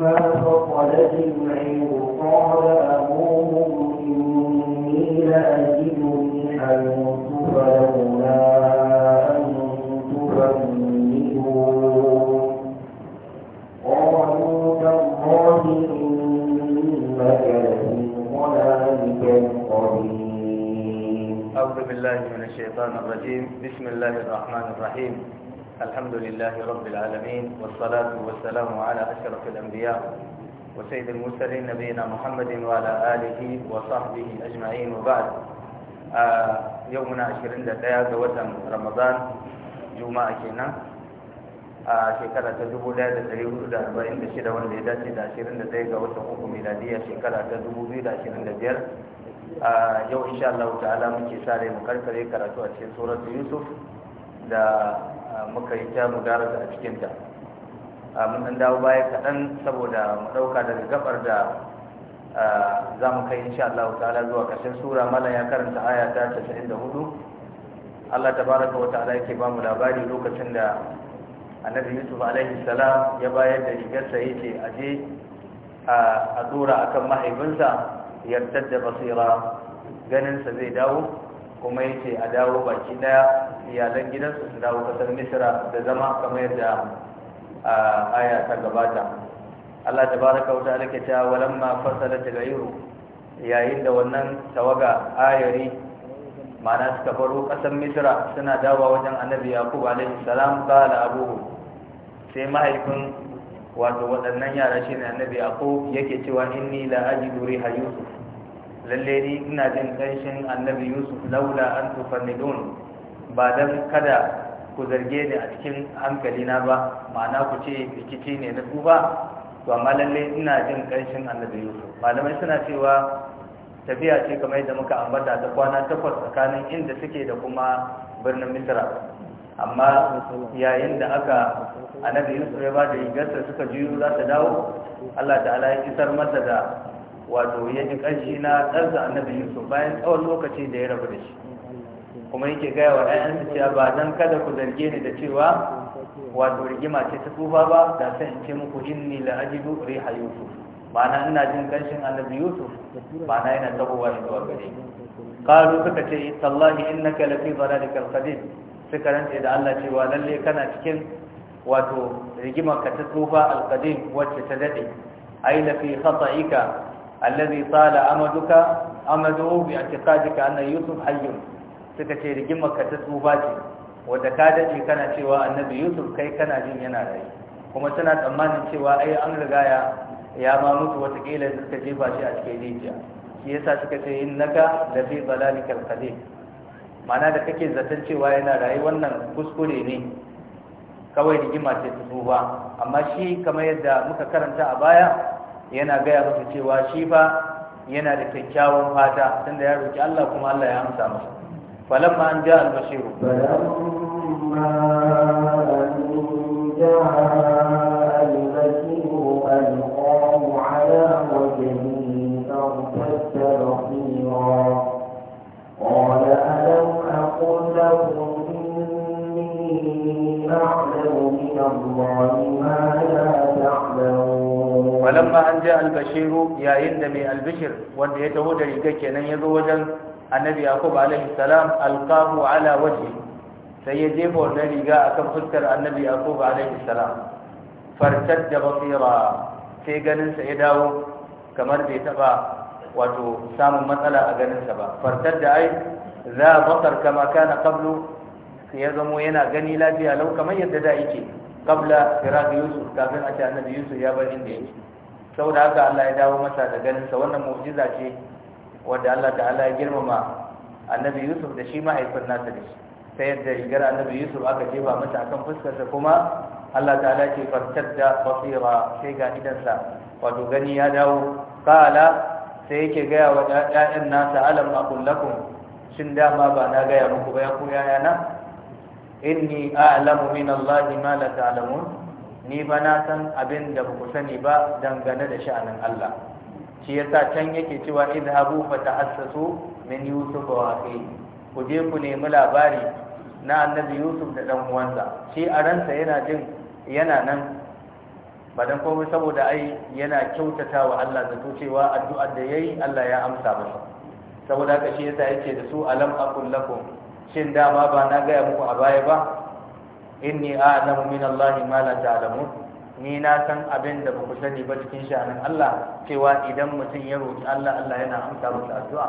فلما فصلت العير قال أبوهم إني لأجد من حيث فلولا أن تفندون قالوا تالله إنك لفي ضلالك القديم أعوذ بالله من الشيطان الرجيم بسم الله الرحمن الرحيم الحمد لله رب العالمين والصلاة والسلام على أشرف الأنبياء وسيد المرسلين نبينا محمد وعلى آله وصحبه أجمعين وبعد آه، يومنا عشرين لتايا وتم رمضان جمعة كنا آه، شكرا تدوب لا تدريب لا تبين تشير والإيدات إلى عشرين لتايا وتم أقوم ميلادية شكرا تدوب إلى عشرين لتايا يوم إن شاء الله تعالى من كسار مقرقر يكرا تؤسي سورة يوسف muka yi ta mudarasa a cikinta mun dan dawo baya kaɗan saboda mu ɗauka daga gabar da za mu kai insha Allah ta'ala zuwa ƙarshen sura malam ya karanta aya ta 94 Allah tabaraka wa ta'ala yake ba mu labari lokacin da annabi Yusuf alaihi salam ya bayar da rigarsa yake aje a dora akan mahaifinsa yartadda basira ganin sa zai dawo kuma ce a dawo baki daya iyalan gidansu su dawo kasar misira da zama kamar yadda aya ta gabata Allah ta ka wa ta'ala ke walan walamma fasala ta gayuru yayin da wannan tawaga ayari ma'ana suka faru kasar misira suna dawa wajen annabi yakubu alaihi salam da abubu sai mahaifin wato waɗannan yara shine annabi yakubu yake cewa inni la ajidu riha yusuf lalle ni ina jin ƙanshin annabi yusuf laula an don ba don kada ku zarge ni a cikin hankali na ba ma'ana ku ce rikici ne na tsufa to amma lalle ina jin ƙanshin annabi yusuf malamai suna cewa tafiya ce kamar yadda muka ambata ta kwana takwas tsakanin inda suke da kuma birnin misra amma yayin da aka annabi yusuf ya ba da rigarsa suka juyo za ta dawo allah ta'ala ya isar mata da wato ya ji ƙarshi na ɗansa annabi yusuf bayan tsawon lokaci da ya rabu da shi kuma yake gaya wa ɗayansa cewa ba dan kada ku zarge ni da cewa wato rigima ce ta tsufa ba da san in ce muku inni la ajidu riha yusuf ma'ana ina jin ƙarshen annabi yusuf ma'ana yana tabowa ne zuwa gare qalu suka ce tallahi innaka lafi dhalalikal qadim suka rantse da Allah cewa lalle kana cikin wato rigima ka ta tsufa alqadim wacce ta dade ai lafi khata'ika allazi tsala amaduka amadu bi i'tiqadika anna yusuf hayyun suka ce rigimarka ta ce wanda ka dace kana cewa annabi yusuf kai kana jin yana rai kuma suna tsammanin cewa ai an riga ya ya ma mutu watakila suka jefa shi a cikin rijiya shi yasa suka ce innaka da fi dalalikal qadim mana da kake zaton cewa yana rai wannan kuskure ne kawai rigima ce ta tsufa amma shi kamar yadda muka karanta a baya yana gaya masa cewa shi fa yana da kyakkyawan fata tunda ya roki Allah kuma Allah ya amsa masa falamma an ja al-bashir falamma an ja al-bashir alqahu ala wajhihi farfatta basira Allah falamma an ja albashiru yayin da mai albishir wanda ya taho da riga kenan ya zo wajen annabi yaqub alaihi salam alqahu ala wajhi sai ya jefa wannan riga akan fuskar annabi yaqub alaihi salam fartad da basira sai ganin sa ya dawo kamar bai taba wato samun matsala a ganin sa ba fartad da ai za basar kama kana qablu ya zamo yana gani lafiya lau kamar yadda da yake kabla firaq yusuf kafin a ce annabi yusuf ya bar inda yake saboda haka Allah ya dawo masa da ganinsa wannan mu'jiza ce wanda Allah ta'ala ya girmama annabi Yusuf da shi mahaifin nasa da shi ta yadda rigar annabi Yusuf aka jefa masa akan fuskarsa kuma Allah ta'ala ce fartadda basira sai ga idansa wato gani ya dawo qala sai yake gaya wa ƴaƴan nasa alam aqul lakum shin dama ba na gaya muku ba ya ku na? inni a'lamu min Allah ma la ta'lamun ni ba na san abin da ba ku sani ba dangane da sha'anin Allah shi yasa can yake cewa idhabu ta'assasu min yusuf wa akhi ku je ku nemi labari na annabi yusuf da dan uwansa shi a ransa yana jin yana nan ba dan komai saboda ai yana kyautata wa Allah zato cewa addu'ar da yayi Allah ya amsa masa saboda haka shi yasa yake da su alam aqul lakum shin dama ba na gaya muku a baya ba inni a'lamu min Allah ma la ta'lamun ni na san abin da ba ku sani ba cikin sha'anin Allah cewa idan mutum ya roki Allah Allah yana amsa masa addu'a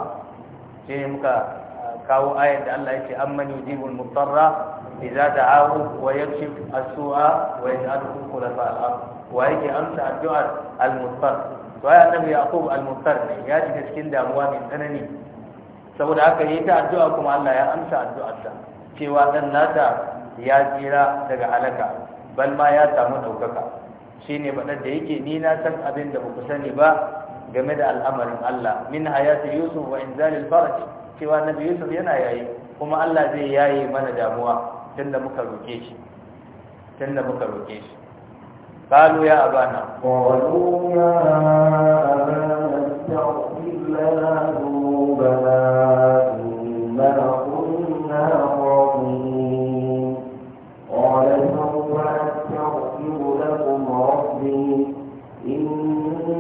sai muka ah, kawo ayar da Allah yake amman yujibul mutarra idza da'ahu wa yakshif as-su'a wa yaj'alukum khulafa al-ard wa yake amsa addu'ar al-mutarr to ya annabi yaqub al-mutarr ne ya shiga cikin damuwa mai tsanani saboda haka yi ta addu'a kuma Allah ya amsa addu'arsa cewa dan nata ya tsira daga alaka bal ma ya samu ɗaukaka shi ne faɗar da yake ni na san abin da ba ku sani ba game da al'amarin Allah min hayati yusuf wa inzalil faraj cewa nabi yusuf yana yayi kuma Allah zai yaye mana damuwa tunda muka roke shi tunda muka roke shi قالوا يا أبانا قالوا يا أبانا استغفر لنا ذنوبنا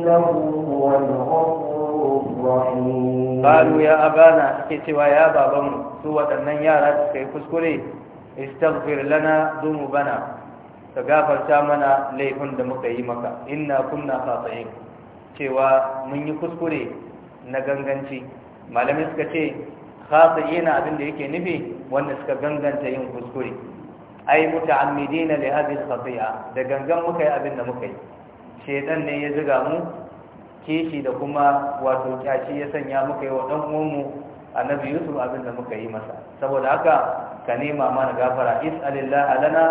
إنه هو الغفور الرحيم قالوا يا أبانا كتوا يا بابا سوى أن يارت كي كسكري mana لنا da تغافر تامنا ليهن دمقيمك إنا كنا خاطئين cewa mun yi kuskure na ganganci malamai suka ce khasa yana abin da yake nufi wanda suka ganganta yin kuskure ai muta'ammidina li hadhihi al-khati'a da gangan muka yi abinda da muka yi shedan ne ya ziga mu kishi da kuma wato kyashi ya sanya muka yi wa dan uwanmu annabi yusuf abin da muka yi masa saboda haka ka nema mana gafara is'alillah alana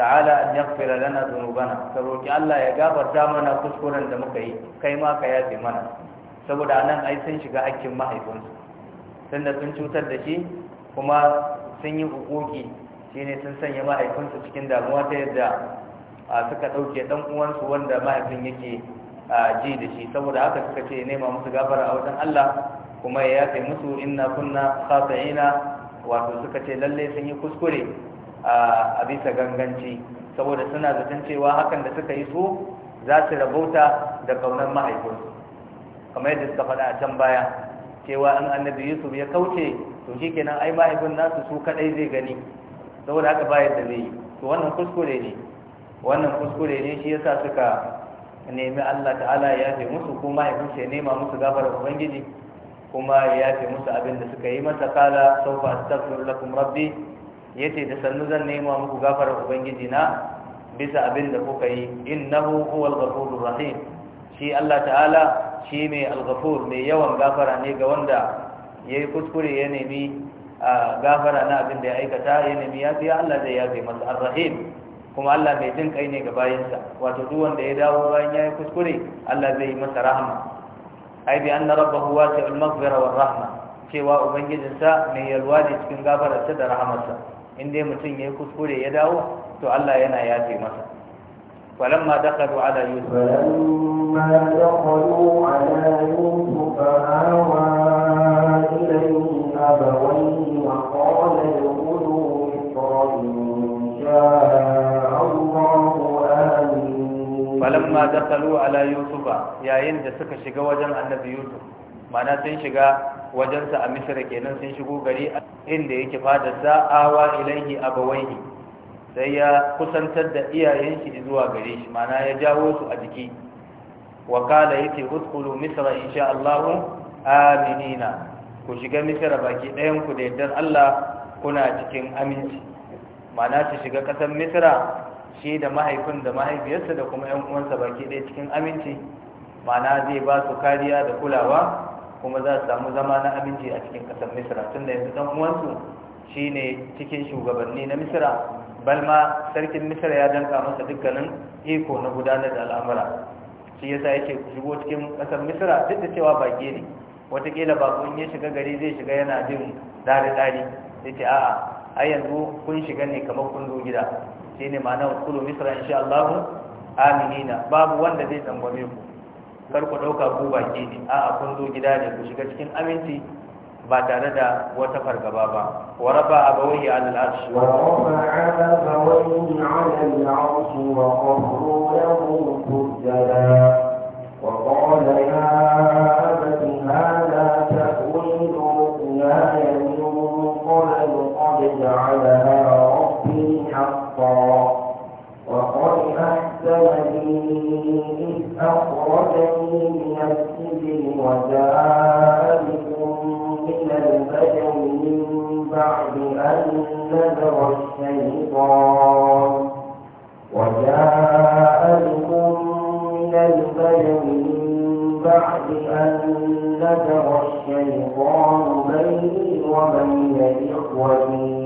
ta'ala an yaghfira lana dhunubana ka roki Allah ya gafarta mana kuskuren da muka yi kai ma ka yafe mana saboda nan ai sun shiga hakkin mahaifinsu da sun cutar da shi kuma sun yi hukuki shine sun sanya mahaifinsu cikin damuwa ta yadda suka ɗauke ɗan uwansu wanda mahaifin yake ji da shi saboda haka suka ce nema musu gafara a wajen Allah kuma ya yafe musu inna kunna khata'ina wato suka ce lalle sun yi kuskure a bisa ganganci saboda suna zaton cewa hakan da suka yi su za su rabauta da kaunar mahaifin kamar yadda suka faɗa a can baya cewa an annabi yusuf ya kauce to shi ai mahaifin nasu su kadai zai gani saboda haka ba yadda zai yi to wannan kuskure ne wannan kuskure ne shi yasa suka nemi Allah ta'ala ya yafe musu kuma ya kuce nema musu gafara ubangiji kuma ya yafe musu abin da suka yi masa kala sawfa astaghfiru lakum rabbi ce da sannu zan nema muku gafara ubangiji na bisa abin da kuka yi innahu huwal ghafurur rahim shi Allah ta'ala shi ne al-ghafur mai yawan gafara ne ga wanda yayi kuskure ya nemi ah, gafara na abin da ya aikata ya nemi ya fi Allah zai yafe masa ar-rahim kuma Allah mai jin kai ne ga bayinsa wato duk wanda ya dawo bayan yayi kuskure Allah zai yi masa rahama ai bi anna rabbahu wasi'ul maghfira war rahma cewa ubangijin sa mai yalwa ne cikin gafararsa da rahamarsa in dai mutum yayi kuskure ya dawo to Allah yana yafe masa falamma dakhalu ala yusuf falamma dakhalu ala yusuf awa ilayhi abawayhi wa qala yaqulu falamma dakalu ala yusufa yayin da suka shiga wajen annabi yusuf mana sun shiga wajensa a misira kenan sun shigo gari inda yake sa awa ilaihi abawaihi sai ya kusantar da iyayen shi zuwa gare shi mana ya jawo su a jiki wa kala yace udkhulu misra insha Allah aminina ku shiga misra baki ɗayan ku da yardar Allah kuna cikin aminci mana su shiga ƙasar misra shi da mahaifin da mahaifiyarsa da kuma yan uwansa baki ɗaya cikin aminci ma'ana zai ba su kariya da kulawa kuma za su samu zama na aminci a cikin ƙasar misira tun da yanzu ɗan uwansu shi ne cikin shugabanni na misira balma sarkin misira ya danka masa dukkanin iko na gudanar da al'amura shi yasa yake shigo cikin ƙasar misira duk da cewa baki ne watakila bakon ya shiga gari zai shiga yana jin dare-dare yake a'a a yanzu kun shiga ne kamar kun zo gida shine ma'ana kullu misra insha Allah aminina babu wanda zai tsangwame ku kar ku dauka ku baki ne a'a kun zo gida ne ku shiga cikin aminci ba tare da wata fargaba ba wa rafa abawahi ala al-arsh wa ala abawayhi ala al-arsh wa qahru lahu sujada wa qala ya abati hadha ta'wilu ma min qabl qad ja'alaha به حقا وقد أحسن لي إذ أخرجني من السجن وجاء بكم من البدن من بعد أن نذر الشيطان وجاء بكم من البدن من بعد أن نذر الشيطان بيني وبين إخوتي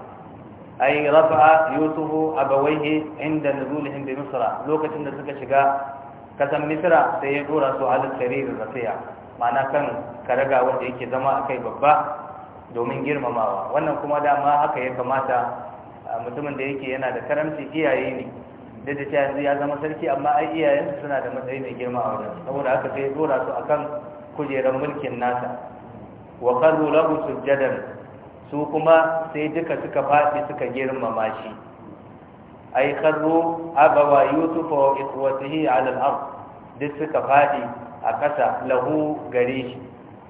Ayi, Rabsa'a, Yusufu, Abawaihe, Inda, Nuzi, inda misra Lokacin da suka shiga ƙasan misra sai ya ɗora su halittari da gatsiya, ma'ana kan karaga daga wanda ya zama a kai babba domin girmamawa, wannan kuma da ma haka ya kamata. Mutumin da yake yana da karamci iyaye ne, da ta yanzu ya zama sarki, amma ai iyayensa suna da matsayi mai girma a wurin, saboda haka sai ya ɗora su akan kujerar mulkin nasa. Wakadu Labusuf Jadan. su kuma sai duka suka faɗi suka girmama shi ai kharru abawa yusuf wa ikhwatihi ala al-ard duk suka faɗi a ƙasa lahu gare shi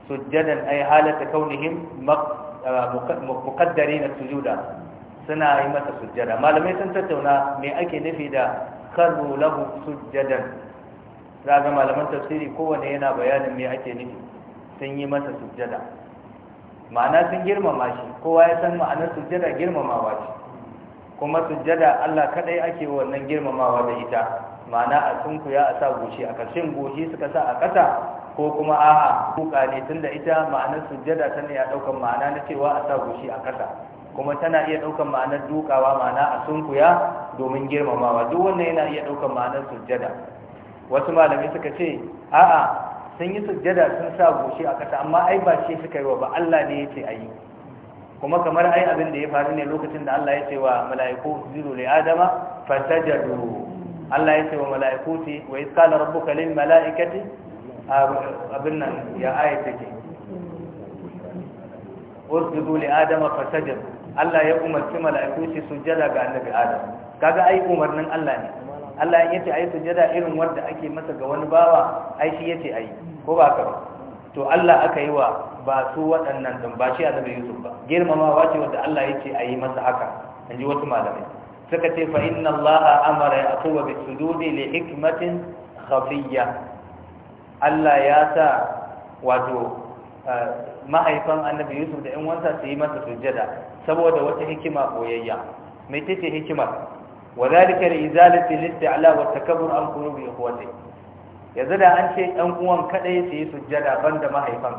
sujjadan ai halata kaunihim ah, muqaddarin sujuda suna yi masa sujjada malamai sun tattauna me ake nufi da kharru lahu sujjadan zaga malaman tafsiri kowane yana bayanin me ake nufi sun yi masa sujjada ma'ana sun girmama shi kowa ya san ma'anar sujjada girmamawa ce kuma sujjada Allah kadai ake wannan girmamawa da ita ma'ana a sunkuya a sa goshi a ƙarshen goshi suka sa a ƙasa ko kuma a'a kuka ne tunda ita ma'anar sujjada tana ya ɗaukar ma'ana na cewa a sa goshi a ƙasa kuma tana iya ɗaukar ma'anar dukawa ma'ana a sunkuya domin girmamawa duk wannan yana iya ɗaukar ma'anar sujjada wasu malamai suka ce a'a sun yi sujjada sun sa goshi a ƙasa amma ai ba shi suka yi wa ba Allah ne yace ayi kuma kamar ai abin da ya faru ne lokacin da Allah ya ce wa mala'iku zuru li adama fasajadu Allah ya ce wa mala'iku ti wa isqala rabbuka lil mala'ikati abin nan ya aya take usjudu li adama fasajadu Allah ya umarci mala'iku su sujjada ga annabi Adam kaga ai umarnin Allah ne Allah ya ce ayi sujada irin wanda ake masa ga wani bawa ai shi yace ayi ko ba ka ba to Allah aka yi wa ba su waɗannan dan ba shi annabi Yusuf ba girmamawa ce wanda Allah yace ayi masa haka inji wasu malamai suka ce fa inna Allah amara bi sujudi li hikmatin khafiyya Allah ya sa wato eh, mahaifan annabi yusuf da yan wansa su yi masa sujada saboda wata hikima koyayya mai tace hikimar وذلك لإزالة الاستعلاء والتكبر عن قلوب إخوته yanzu da an ce ɗan uwan kaɗai su yi sujjada ban da mahaifan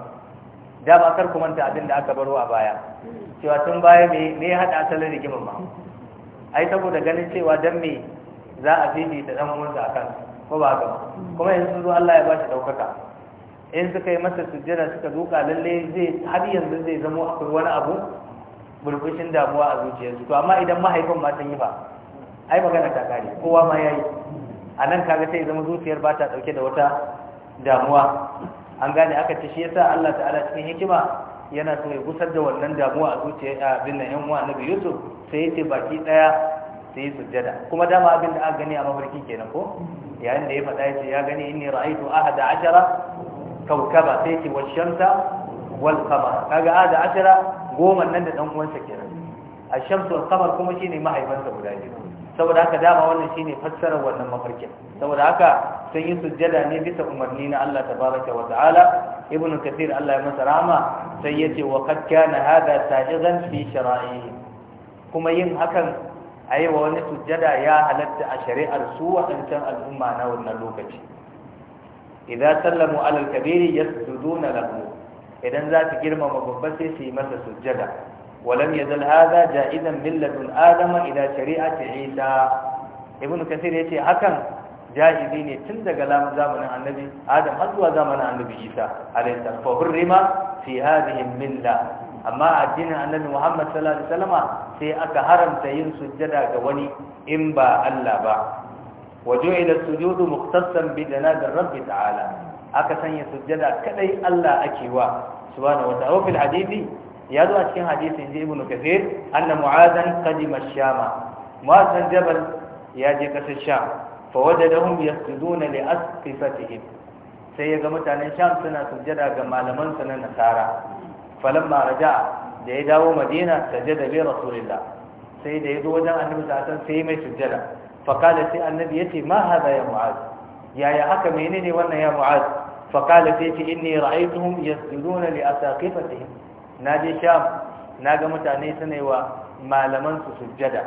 da ba kar kumanta abin da aka baro a baya cewa tun baya me ne ya haɗa asalin rigimar ma ai saboda ganin cewa dan me za a fifi da dan uwansa akan ko ba haka kuma yanzu zo Allah ya bashi ɗaukaka. in suka yi masa sujjada suka duka lalle zai har yanzu zai zamo akwai wani abu burbushin damuwa a zuciyarsu to amma idan mahaifan ma sun yi ba ai magana ta kare kowa ma yayi a nan kaga sai zama zuciyar ba ta dauke da wata damuwa an gane aka ce shi yasa Allah ta'ala cikin hikima yana so ya gusar da wannan damuwa a zuciyar abin nan yan uwa annabi Yusuf sai yace baki daya sai sujjada kuma dama abin da aka gani a mafarki kenan ko yayin da ya faɗa yace ya gani inni ra'aytu ahada ashara kawkaba sai ki washamta shamsa wal-qamar kaga ahada ashara goma nan da dan uwansa kenan ash wal-qamar kuma shine mahaifansa guda biyu saboda haka dama wannan shine fassarar wannan mafarkin saboda haka sun yi sujjada ne bisa umarni na Allah baraka wa ta'ala ibnu kathir Allah ya masa rahama sai ce wa qad kana hada sa'igan fi shara'i kuma yin hakan ayi wa wani sujjada ya halatta a shari'ar su wadancan al'umma na wannan lokaci idan sallamu alal kabiri yasjuduna lahu idan za su girmama babba sai su yi masa sujjada ولم يزل هذا جائزا من لدن shari'a إلى شريعة عيسى ابن كثير يتي hakan, جائزي ne tun daga zamanin annabi Adam har zuwa zamanin annabi Isa alayhi salam fa hurrima fi hadhihi milla amma addinin annabi Muhammad sallallahu alaihi wasallama sai aka haramta yin sujjada ga wani in ba Allah ba waju'ila sujudu muqtasan na janabi rabbi ta'ala aka sanya sujjada kadai Allah ake wa subhanahu wa ta'ala hadisi ya zo a cikin hadisin ji ibnu kathir anna mu'azan qadima shama mu'azan jabal ya je kasar sham fa wajadahum yasjuduna li asqifatihim sai ya ga mutanen sham suna sujjada ga malaman su na nasara falamma raja da ya dawo madina sajada li rasulillah sai da ya zo wajen annabi sa'atan sai mai sujjada fa kala sai annabi yace ma hada ya mu'az ya haka menene wannan ya mu'az fa kala sai ce inni ra'aytuhum yasjuduna li asaqifatihim na je sham na ga mutane suna yi wa malamansu su sujjada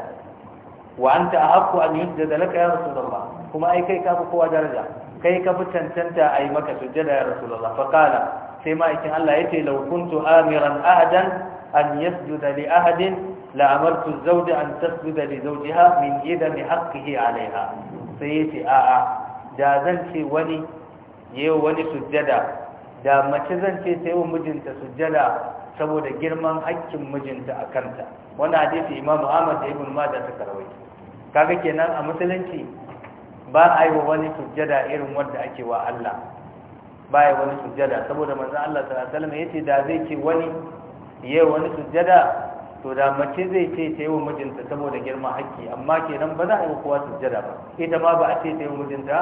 wa anta ahqqu an yusjada laka ya rasulullah kuma ai kai ka fi kowa daraja kai ka fi cancanta a yi maka sujjada ya rasulullah fa qala sai ma ma'aikin Allah yace law kuntu amiran ahadan an yasjuda li ahadin la amartu zawja an tasjuda li zawjiha min idami haqqihi alaiha sai yace a'a da zan ce wani yayin wani sujjada da mace zan ce sai wa mijinta sujjada saboda girman hakkin mijinta a kanta wani hadisi imam ahmad da ibn majah suka rawaito kaga kenan a musulunci ba a yi wa wani sujjada irin wanda ake wa Allah ba a yi wani sujjada saboda manzon Allah sallallahu alaihi wasallam yace da zai ce wani yi wani sujjada to da mace zai ce ta yi wa mijinta saboda girman hakki amma kenan ba za a yi wa kowa sujjada ba ita ma ba a ce ta yi wa mijinta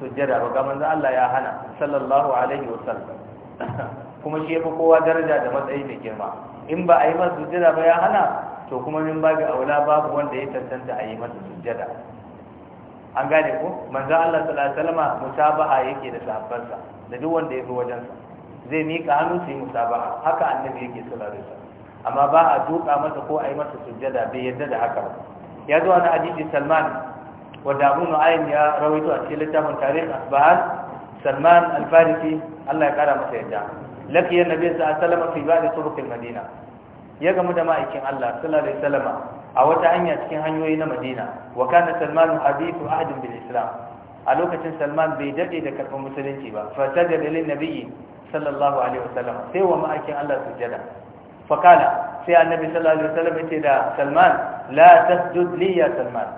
sujjada ba ga manzon Allah ya hana sallallahu alaihi wasallam kuma shi yafi kowa daraja da matsayi da girma in ba a yi masa sujjada ba ya hana to kuma min babu aula babu wanda ya tantanta a yi masa sujjada an gane ko manzo Allah sallallahu alaihi wasallam musabaha yake da sahabbansa da duk wanda ya zo wajensa zai mika hannu su yi musabaha haka annabi yake sallallahu alaihi wasallam amma ba a duka masa ko a yi masa sujjada bai yadda da haka ba ya zo wani hadisi Salman wanda Abu Nu'aym ya rawaito a cikin littafin Tarikh Asbahan Salman Al-Farisi Allah ya kara masa yadda laqiya nabi sallallahu alaihi wasallam fi ba'd turuqil madina ya gamu da ma'aikin Allah sallallahu alaihi wasallam a wata hanya cikin hanyoyi na Madina wa kana Salman hadithu ahdin bil Islam a lokacin Salman bai dade da karɓar musulunci ba fa sajada lin nabiyyi sallallahu alaihi wasallam sai wa ma'aikin Allah sujada fa kana sai annabi sallallahu alaihi wasallam yace da Salman la tasjud li ya Salman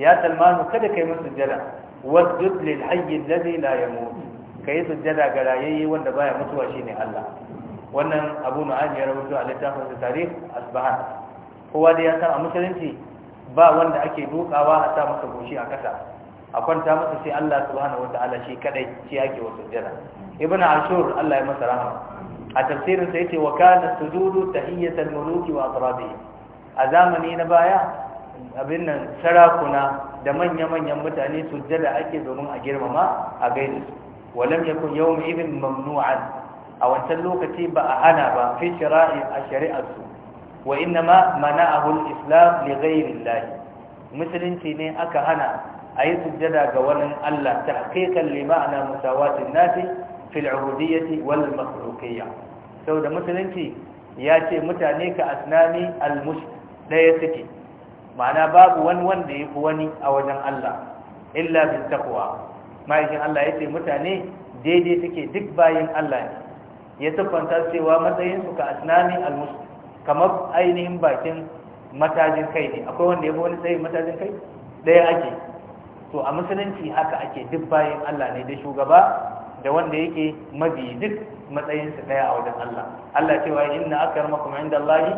ya Salman kada kai musu sujada wasjud lil hayy alladhi la yamut ka yi sujjada ga rayayye wanda baya mutuwa shine Allah wannan abu nu'aym ya rawaito a littafin tarikh asbahan kowa da ya san a musulunci ba wanda ake dukawa a sa masa goshi a kasa a kwanta masa sai Allah subhanahu wataala shi kadai shi yake wa sujjada ibn ashur Allah ya masa rahama a tafsirin sa yace wa kana sujudu tahiyatal muluki wa atrabihi a zamani na baya abin nan sarakuna da manya-manyan mutane sujjada ake domin a girmama a gaida su walam yakun yawm idin mamnu'an a wancan lokaci ba a hana ba fi shira'i a shari'ar su wa innama mana'ahu al-islam li ghayri musulunci ne aka hana ayi sujjada ga wani Allah tahqiqan li ma'ana musawatin nasi fil 'ubudiyyati wal makhluqiyyah saboda musulunci ya ce mutane ka asnami al-mushrik daya suke ma'ana babu wani wanda ya fi wani a wajen Allah illa bin taqwa ma'aikin Allah ya ce mutane daidai take duk bayan Allah ne ya siffanta cewa su ka asnani almus kamar ainihin bakin matajin kai ne akwai wanda ya wani tsayin matajin kai ɗaya ake to a musulunci haka ake duk bayan Allah ne da shugaba da wanda yake mabi duk matsayinsu ɗaya a wajen Allah Allah cewa inna akramakum indallahi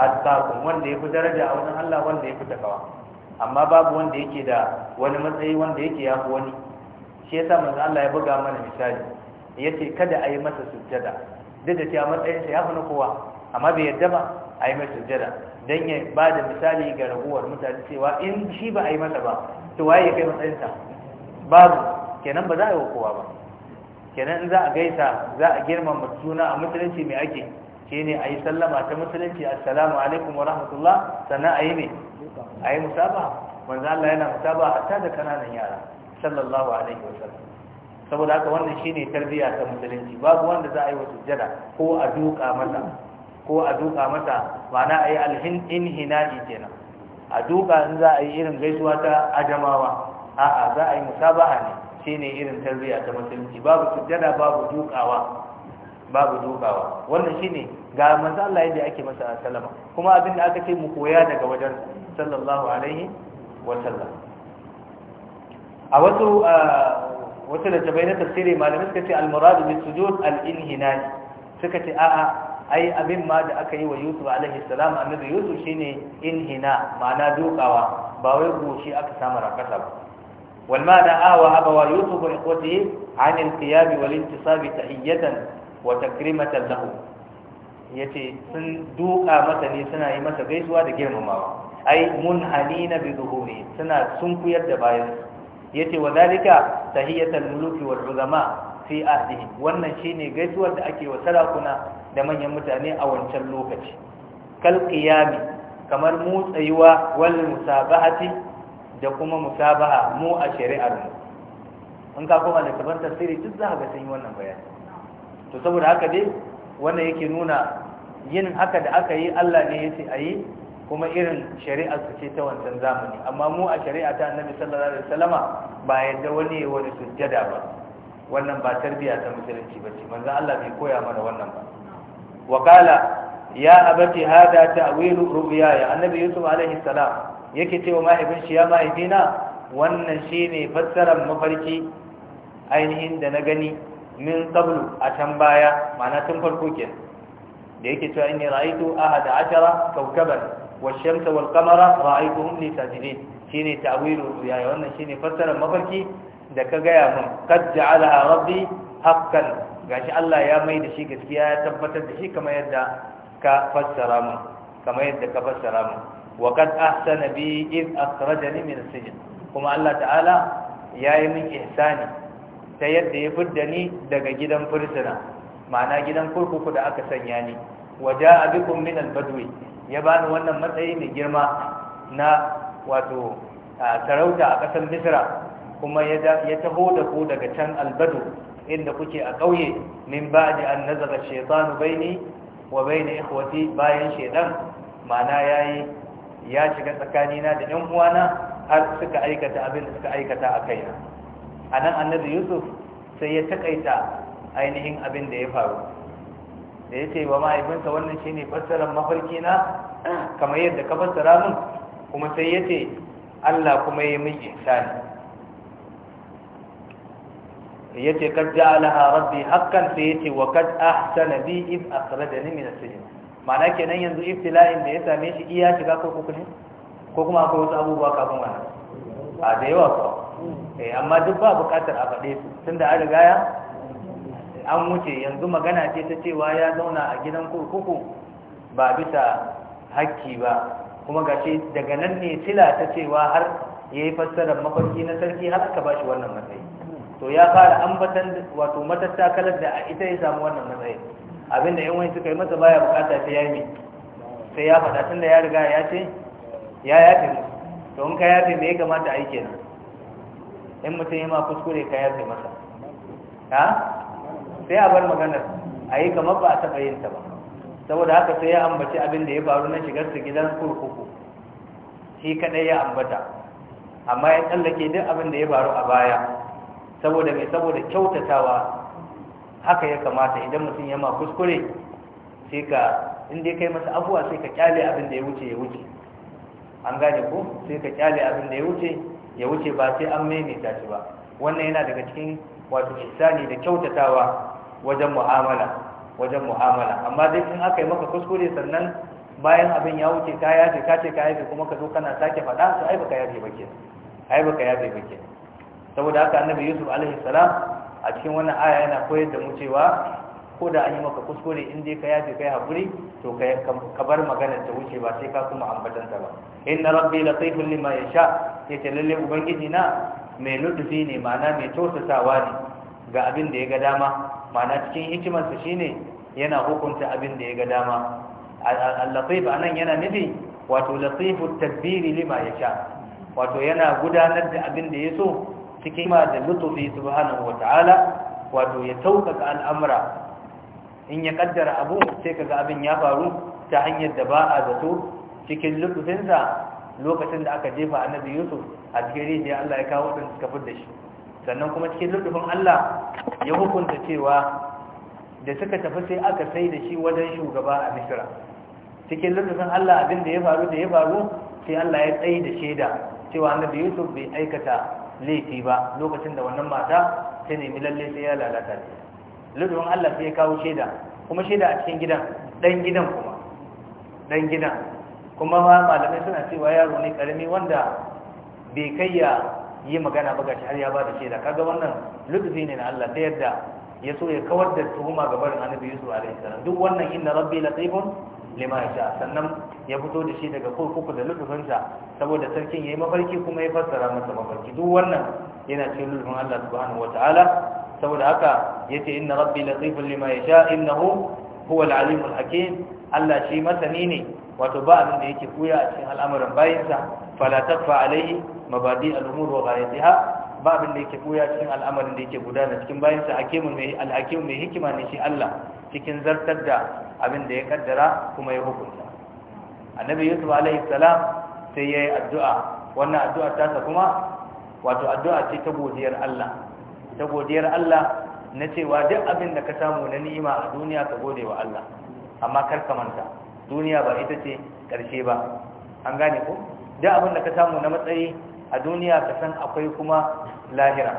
attaqum wanda yafi daraja a wajen Allah wanda yafi takawa amma babu wanda yake da wani matsayi wanda yake yafi wani shi yasa manzo Allah ya buga mana misali yace kada a yi masa sujjada duk da cewa matsayin sa ya na kowa amma bai yadda ba a yi masa sujjada dan ya ba da misali ga raguwar mutane cewa in shi ba a yi masa ba to waye ya kai matsayin sa babu kenan ba za a yi kowa ba kenan in za a gaisa za a girmama juna a musulunci mai ake shine ayi sallama ta musulunci assalamu alaikum wa rahmatullah sannan ayi ne ayi musaba manzo Allah yana musaba hatta da kananan yara sallallahu alaihi wasallam saboda haka wannan shine tarbiyya ta musulunci babu wanda za a yi wa sujjada ko a duka masa ko a duka masa ma'ana a yi alhin inhina'i kenan a duka in za a yi irin gaisuwa ta ajamawa a'a za a yi musabaha ne shine irin tarbiyya ta musulunci babu sujjada babu dukawa babu dukawa wannan shine ga manzo Allah yadda ake masa sallama kuma abin da aka ce mu koya daga wajen sallallahu alaihi wa sallam a wasu wasu da tabai na tafsiri malamai suka ce almuradu bi sujud al-inhinani suka ce a'a ai abin ma da aka yi wa Yusuf alaihi salam annabi Yusuf shine inhina ma'ana dukawa ba wai goshi aka samu rakasa ba wal ma'ana awa abawa Yusuf wa ikhwatihi an al-qiyam wal intisab tahiyatan wa takrimatan lahu yace sun duka masa ne suna yi masa gaisuwa da girmamawa ai munhanina bi zuhuri suna sunkuyar da bayansu Ya ce wa dalika tahiyatul muluki wal uzama fi ahdihi wannan shine gaisuwar da ake wa sarakuna da manyan mutane a wancan lokaci kal qiyami kamar mu tsayuwa wal musabahati da kuma musabaha mu a shari'ar mu in ka koma da kaban tafsiri duk za ka san wannan bayani to saboda haka dai wannan yake nuna yin haka da aka yi Allah ne yace ayi kuma irin shari'a su ce ta wancan zamani amma mu a shari'a ta annabi sallallahu alaihi wasallama ba yadda wani ya wani sujjada ba wannan ba tarbiya ta musulunci ba ce manzo Allah bai koya mana wannan ba wa qala ya abati hada ta'wil ru'yaya annabi yusuf alaihi salam yake cewa mahaifin shi ya mahaifina wannan shine fassarar mafarki ainihin da na gani min qablu a can baya ma'ana tun farko kenan da yake cewa inni ra'aytu ahada ashara kawkaban والشمس والقمر رأيتهم لي ساجدين شيني تأويل الرؤيا وانا شيني فسر المفركي da ka gaya mun kad ja'alaha rabbi haqqan gashi Allah ya mai da shi gaskiya ya tabbatar da shi kamar yadda ka fassara mun kamar yadda ka fassara mun wa kad ahsana bi id akhrajani min as-sijn kuma Allah ta'ala ya yi min ihsani ta yadda ya fidda ni daga gidan fursuna ma'ana gidan kurkuku da aka sanya ni waja abikun min albadwi ya bani wannan matsayi mai girma na wato sarauta a ƙasar misra kuma ya taho da ku daga can albadu inda kuke a ƙauye min ba da an nazara shaitanu baini wa baini ikwati bayan ma'ana mana yi ya shiga tsakanina da 'yan uwana har suka aikata abin da suka aikata a kaina nan annabi yusuf sai ya taƙaita ainihin abin da ya faru da ya ce ba mahaifinsa wannan shi ne fassarar mafarki na ah. kamar yadda ka fassara min kuma sai ya ce Allah kuma ya min ihsani ya ce kad alaha rabbi hakan sai ya ce wa kad ahsana bi if akhrajani min as-sijn ma'ana kenan yanzu ibtila'in da ya same shi iya shiga kurkuku ne ko kuma akwai wasu abubuwa kafin wannan a da yawa ko hmm. eh amma duk ba buƙatar a faɗe su tunda an riga ya an wuce yanzu magana ce ta cewa ya zauna a gidan kurkuku ba bisa hakki ba kuma ga shi daga nan ne sila ta cewa har ya yi fassarar mafarki na sarki har aka ba shi wannan matsayi to ya fara ambatan wato matattakalar da a ita ya samu wannan matsayi abinda yan wani suka yi masa baya bukata ta yami sai ya faɗa tun da ya riga ya ce ya yafe mu to in ka yafe me ya kamata a yi kenan in mutum ya ma kuskure ka yafe masa ha sai a bar maganar a yi kamar ba a taɓa yin ta ba saboda haka sai ya ambaci abin da ya faru na shigar su gidan kurkuku shi kaɗai ya ambata amma ya tsallake duk abin da ya faru a baya saboda mai saboda kyautatawa haka ya kamata idan mutum ya ma kuskure sai ka in ya kai masa abuwa sai ka kyale abin da ya wuce ya wuce an gane ko sai ka kyale abin da ya wuce ya wuce ba sai an maimaita shi ba wannan yana daga cikin wato isani da kyautatawa wajen mu'amala wajen mu'amala amma dai in aka yi maka kuskure sannan bayan abin ya wuce ka yafe ka ce ka yafe kuma ka zo kana sake faɗa to ai baka yafe ba ai baka yafe ba saboda haka annabi yusuf alaihi salam a cikin wannan aya yana koyar da mu cewa ko da an yi maka kuskure in dai ka yafe kai haƙuri to ka bar magana ta wuce ba sai ka kuma ambatanta ba inna rabbi latifun lima yasha yace lalle ubangiji na mai lutufi ne ma'ana mai tausasawa ne ga abin da ya ga dama ma'ana cikin hikimarsa shine yana hukunta abin da ya ga dama al-latif nan yana nufi wato latifu tadbiri lima yasha wato yana gudanar da abin da ya so cikin ma da lutufi subhanahu wata'ala wato ya taukaka al'amura in ya kaddara abu sai ga abin ya faru ta hanyar da ba a zato cikin lutufinsa lokacin da aka jefa annabi yusuf a cikin rijiya Allah ya kawo waɗanda suka fi da shi sannan kuma cikin lullufin Allah ya hukunta cewa da suka tafi sai aka sai da shi wajen shugaba a misira cikin lullufin Allah abin da ya faru da ya faru sai Allah ya tsaye da shaida cewa annabi Yusuf bai aikata laifi ba lokacin da wannan mata ta nemi lalle sai ya lalata ta lullufin Allah sai ya kawo shaida kuma shaida a cikin gidan dan gidan kuma dan gidan kuma malamai suna cewa yaro ne karami wanda bai kai ya yi magana ba gashi har ya ba da shaida kaga wannan lutfi ne na Allah ta yadda ya so ya kawar da tuhuma ga barin annabi Yusuf alaihi salam duk wannan inna rabbi latifun lima yasha sannan ya fito da shi daga kurkuku da lutfinsa saboda sarkin yayi mafarki kuma ya fassara masa mafarki duk wannan yana cikin lutfin Allah subhanahu wataala saboda haka yace inna rabbi latifun lima yasha innahu huwal alimul hakim Allah shi masani ne wato ba abin da yake kuya a cikin al'amuran bayinsa fala tafa alaihi mabadi al-umur wa ghayatiha ba abin da yake buya cikin al'amarin da yake gudana cikin bayan sa hakimu mai al mai hikima ne shi Allah cikin zartar da abin da ya kaddara kuma ya hukunta annabi yusuf alaihi salam sai yayi addu'a wannan addu'a ta kuma wato addu'a ce ta godiyar Allah ta godiyar Allah na cewa duk abin da ka samu na ni'ima a duniya ka gode wa Allah amma kar ka manta duniya ba ita ce ƙarshe ba an gane ko da abin da ka samu na matsayi a duniya ka san akwai kuma lahira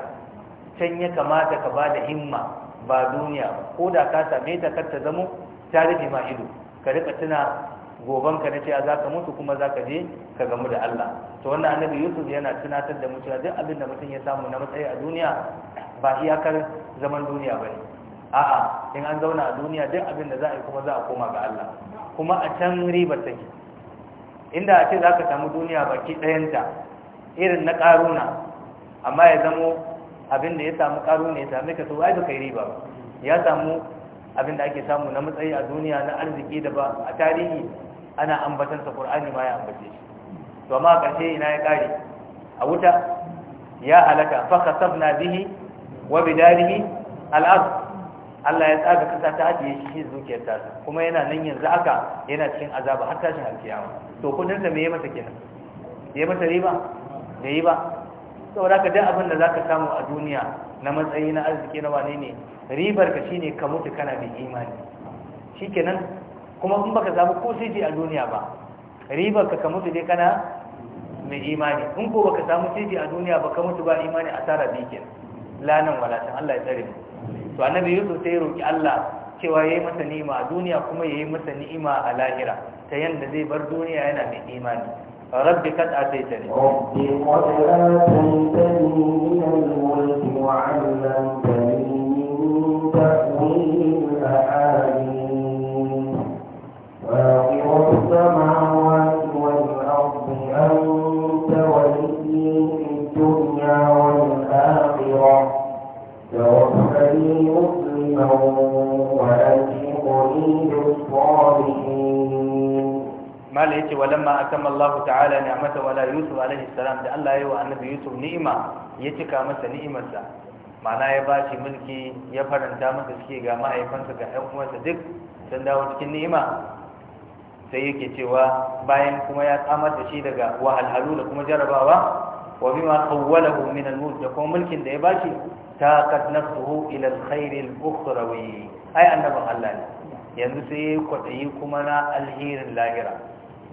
can ya kamata ka ba da himma ba duniya ko da ka same ta kar ta zamo ta rufe ma ido ka rika tuna goban ka na cewa za ka mutu kuma za ka je ka gamu da Allah to wannan annabi Yusuf yana tunatar da mutuwa, duk abin da mutum ya samu na matsayi a duniya ba iyakar zaman duniya ba ne a'a in an zauna a duniya duk abin da za a yi kuma za a koma ga Allah kuma a can ribar take inda a ce za ka samu duniya baki ɗayanta irin na ƙaruna amma ya zamo abin da ya samu ƙaruna ya sami ka to ai baka yi riba ba ya samu abin da ake samu na matsayi a duniya na arziki da ba a tarihi ana ambatansa ƙur'ani ma ya ambace to amma a ƙarshe ina ya ƙare a wuta ya halaka fa kasabna bihi wa bidarihi al'ad. Allah ya tsaga kasa ta ajiye shi shi zuciyar ta kuma yana nan yanzu aka yana cikin azaba har tashin alkiyama to kudin sa me ya masa kenan ya masa riba da yi ba saboda ka duk abin da zaka samu a duniya na matsayi na arziki na wane ne ribar ka shine ka mutu kana da imani shikenan kuma in baka samu ko sai a duniya ba ribar ka ka mutu dai kana mai imani in ko baka samu sai a duniya ba ka mutu ba imani asara bi kenan lanan walatan Allah ya tsare mu to annabi yusuf sai roki Allah cewa yayi masa ni'ima a duniya kuma yayi masa ni'ima a lahira ta yanda zai bar duniya yana mai imani rabbi kad ataitani rabbi qad ataitani min al لي مسلما وألحق لي بالصالحين ما ليت ولما أتم الله تعالى نعمته على يوسف عليه السلام ده الله يوى النبي يوسف نعمة يتكى مسا نعمة ma'ana ya ba shi mulki ya faranta masa suke ga mahaifansa ga ɗan uwansa duk sun dawo cikin ni'ima sai yake cewa bayan kuma ya tsamar da shi daga wahalhalu da kuma jarabawa wa bima qawwalahu min al-mulk da kuma mulkin da ya bashi Ta kad nafsuhu ila alkhair al-ukhrawi ai annabi Allah ne yanzu sai kwadayi kuma na alherin lahira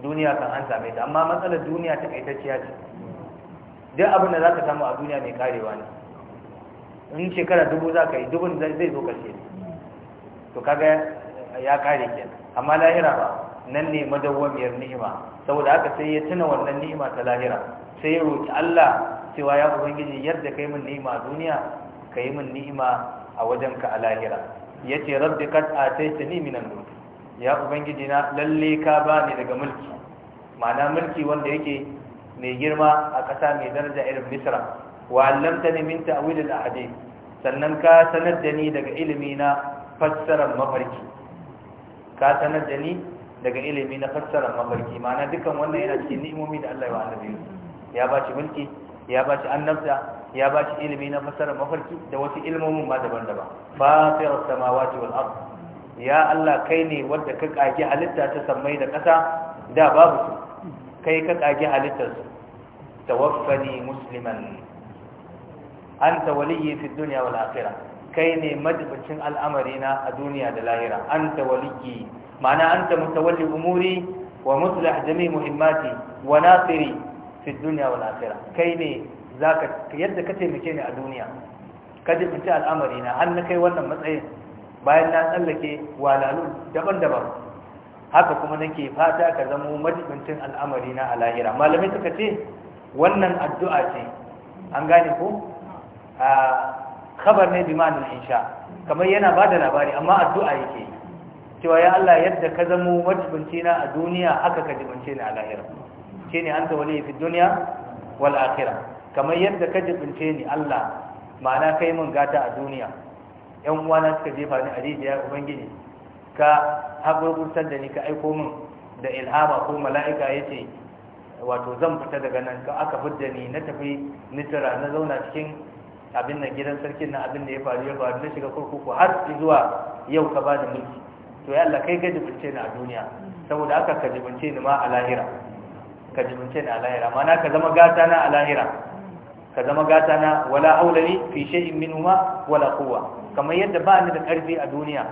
duniya kan an same ta amma matsalar duniya ta ciya ce duk abin da zaka samu a duniya mai karewa ne in shekara dubu za ka yi dubun zai zo kashe to kaga ya kare ke amma lahira ba nan ne madawwamiyar ni'ima saboda haka sai ya tuna wannan ni'ima ta lahira sai ya roki Allah cewa ya ubangiji yadda kai min ni'ima a duniya ka yi min ni'ima a wajenka a lahira ya ce rabbi kad ataita ni minan mulk ya ubangiji na lalle ka bani daga mulki ma'ana mulki wanda yake mai girma a ƙasa mai daraja irin misra wa ni min ta'wil al-ahadith sannan ka sanar da ni daga ilimi na fassara mafarki ka sanar da ni daga ilimi na fassara mafarki ma'ana dukan wannan yana cikin ni'imomi da Allah ya ba annabi ya ba shi mulki ya ba shi annabta ya ba shi ilimi na fasarar mafarki da wasu ilmomin ba daban-daban Ba fatirar samawati wal ard ya Allah kai ne wanda ka kage halitta ta sammai da ƙasa da babu su kai ka kage halittar waffani musulman. An anta waliyyi fi duniya wal akhirah kai ne madubacin al'amarina a duniya da lahira An anta waliyyi ma'ana an anta mutawalli umuri wa muslih jami' muhimmati wa nasiri fi duniya wal akhirah kai ne zaka yadda ka taimake ni a duniya ka jibinci al'amari na har na kai wannan matsayin bayan na tsallake walalu daban-daban haka kuma nake fata ka zamo majibincin al'amari na a lahira malamai suka ce wannan addu'a ce an gane ko a khabar ne bi ma'anar insha kamar yana ba da labari amma addu'a yake cewa ya Allah yadda ka zamo majibinci na a duniya haka ka jibince ni a lahira shine anta wali fi duniya wal akhirah kamar yadda ka jibince ni Allah ma'ana kai mun gata a duniya yan uwana suka jefa ni a rijiyar ubangiji ka haɓurɓurtar da ni ka aiko min da ilhama ko mala'ika ya ce wato zan fita daga nan ka aka fidda ni na tafi nitira na zauna cikin abin na gidan sarkin na abin da ya faru ya faru na shiga kurkuku har zuwa yau ka ba da mulki to ya Allah kai ka jibince ni a duniya saboda aka ka jibince ni ma a lahira ka jibince ni a lahira ma'ana ka zama gata na a lahira ka zama gata na wala aulani fi shay'in minhuma wala quwwa kamar yadda ba ni da karfi a duniya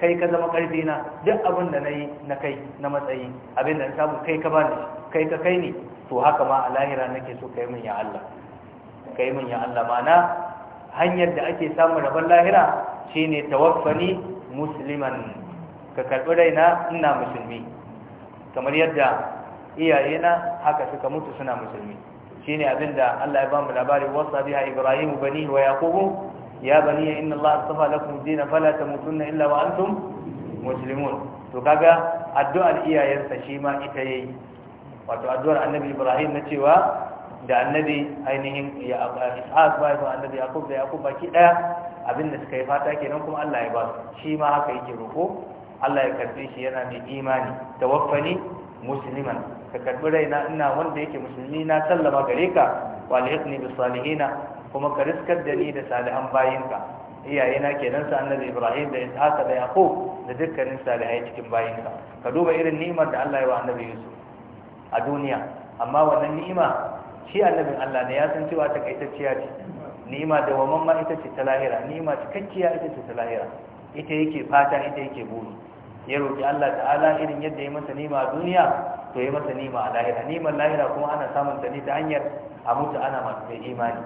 kai ka zama karfi na duk abin da nayi na kai na matsayi abin da samu kai ka bani kai ka kai ni to haka ma a lahira nake so kai min ya Allah kai min ya Allah mana hanyar da ake samun rabon lahira shine tawaffani musliman ka karbi raina ina musulmi kamar yadda iyayena haka suka mutu suna musulmi shine abinda Allah ya ba mu labari wasa biha ibrahim bani wa yaqub ya bani inna Allah astafa lakum dinan fala tamutunna illa wa antum muslimun to kaga addu'ar iyayensa shi ma ita yayi wato addu'ar annabi ibrahim na cewa da annabi ainihin ya ishaq annabi yaqub da yaqub baki daya abinda suka yi fata kenan kuma Allah ya ba su shi ma haka yake roko Allah ya karbe shi yana mai imani tawaffani musliman ka karbi raina ina wanda yake musulmi na sallama gare ka wa bis salihina kuma ka riskar da ni da salihan bayinka iyayena kenan sa annabi Ibrahim da Ishaqa da Yaqub da dukkanin salihai cikin bayinka ka duba irin ni'imar da Allah ya wa annabi Yusuf a duniya amma wannan ni'ima shi annabin Allah ne ya san cewa takaitacciya ce ni'ima da waman ma ita ce ta lahira ni'ima cikakkiya ita ce ta lahira ita yake fata ita yake buru ya roƙi Allah ta'ala irin yadda ya masa nima a duniya to yi masa nima a lahira niman lahira kuma ana samun ta ta hanyar a mutu ana masu mai imani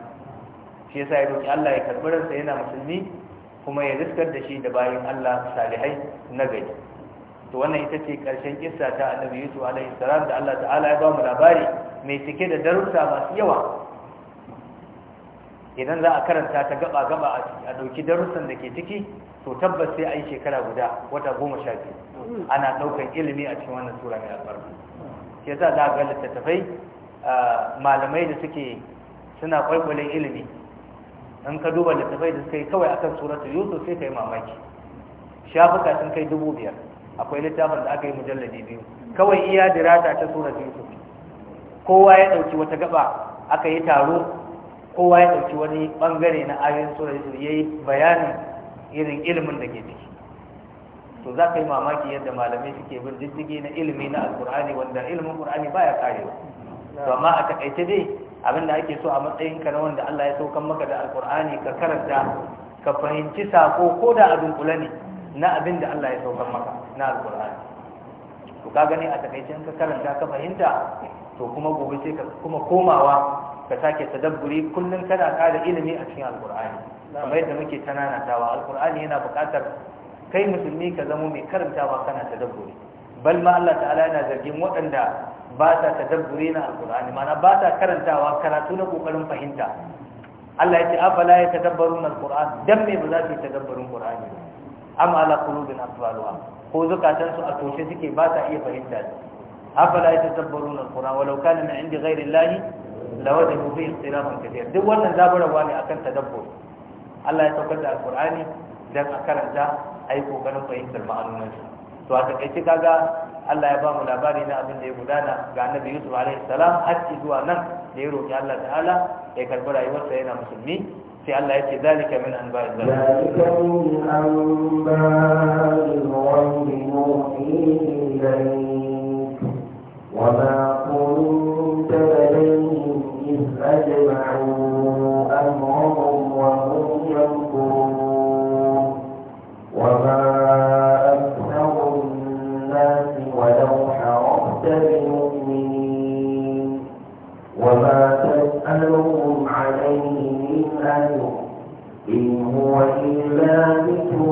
shi yasa ya roki Allah ya karɓi ransa yana musulmi kuma ya riskar da shi da bayan Allah salihai na gari to wannan ita ce karshen kissa ta annabi Yusuf alaihi salam da Allah ta'ala ya ba mu labari mai cike da darussa masu yawa idan za a karanta ta gaba gaba a doki darussan da ke ciki to tabbas sai a yi shekara guda wata goma sha biyu ana ɗaukar ilimi a cikin wannan sura mai albarka shi yasa za ga littattafai malamai da suke suna kwaikwalin ilimi in ka duba littattafai da suka yi kawai akan suratu yusuf sai ka yi mamaki shafuka sun kai dubu biyar akwai littafin da aka yi mujalladi biyu kawai iya dirata ta suratu yusuf kowa ya ɗauki wata gaba aka yi taro kowa ya ɗauki wani ɓangare na ayoyin suratu yusuf ya yi bayanin irin ilimin da ke ciki to za ka yi mamaki yadda malamai suke bin diddigi na ilimi na alkur'ani wanda ilimin qur'ani baya karewa to amma a takaice dai abin da ake so a matsayin ka na wanda Allah ya saukan maka da alkur'ani ka karanta ka fahimci sako ko da a dunkule ne na abin da Allah ya saukan maka na alkur'ani to ka gani a takaice ka karanta ka fahimta to kuma gobe sai ka kuma komawa ka sake tadabburi kullun kana ƙara ilimi a cikin alkur'ani kamar yadda muke tananatawa alkur'ani yana buƙatar kai musulmi ka zamo mai karantawa kana tadabburi bal ma Allah ta'ala yana zargin waɗanda ba sa ta tadabburi na alkur'ani mana ba sa karantawa karatu na kokarin fahimta Allah ya ce afala ya tadabbaru na alkur'an dan me ba za su yi tadabbarin qur'ani amma ala qulubin asfaluha ko zukatan a toshe suke ba sa iya fahimta afala ya tadabbaru na alkur'an walau kana min indi ghairi llahi lawajadu fi ikhtilafan kathir duk wannan zabarawa ne akan tadabbur Allah ya saukar da alkur'ani dan a karanta a yi kokarin fahimtar su to a takaice kaga Allah ya ba mu labari na abin da ya gudana ga annabi Yusuf alaihi salam har zuwa nan da ya roki Allah ta'ala ya karbi rayuwarsa yana musulmi sai Allah ya ce zalika min anba'i zalika min anba'i ghaib nuhihi ilayk wa ma kunta ladayhim iz ajma'u amrahum وما أكثر الناس ولو حرصت بمؤمنين وما تسألهم عليه من أجر إن هو إلا ذكر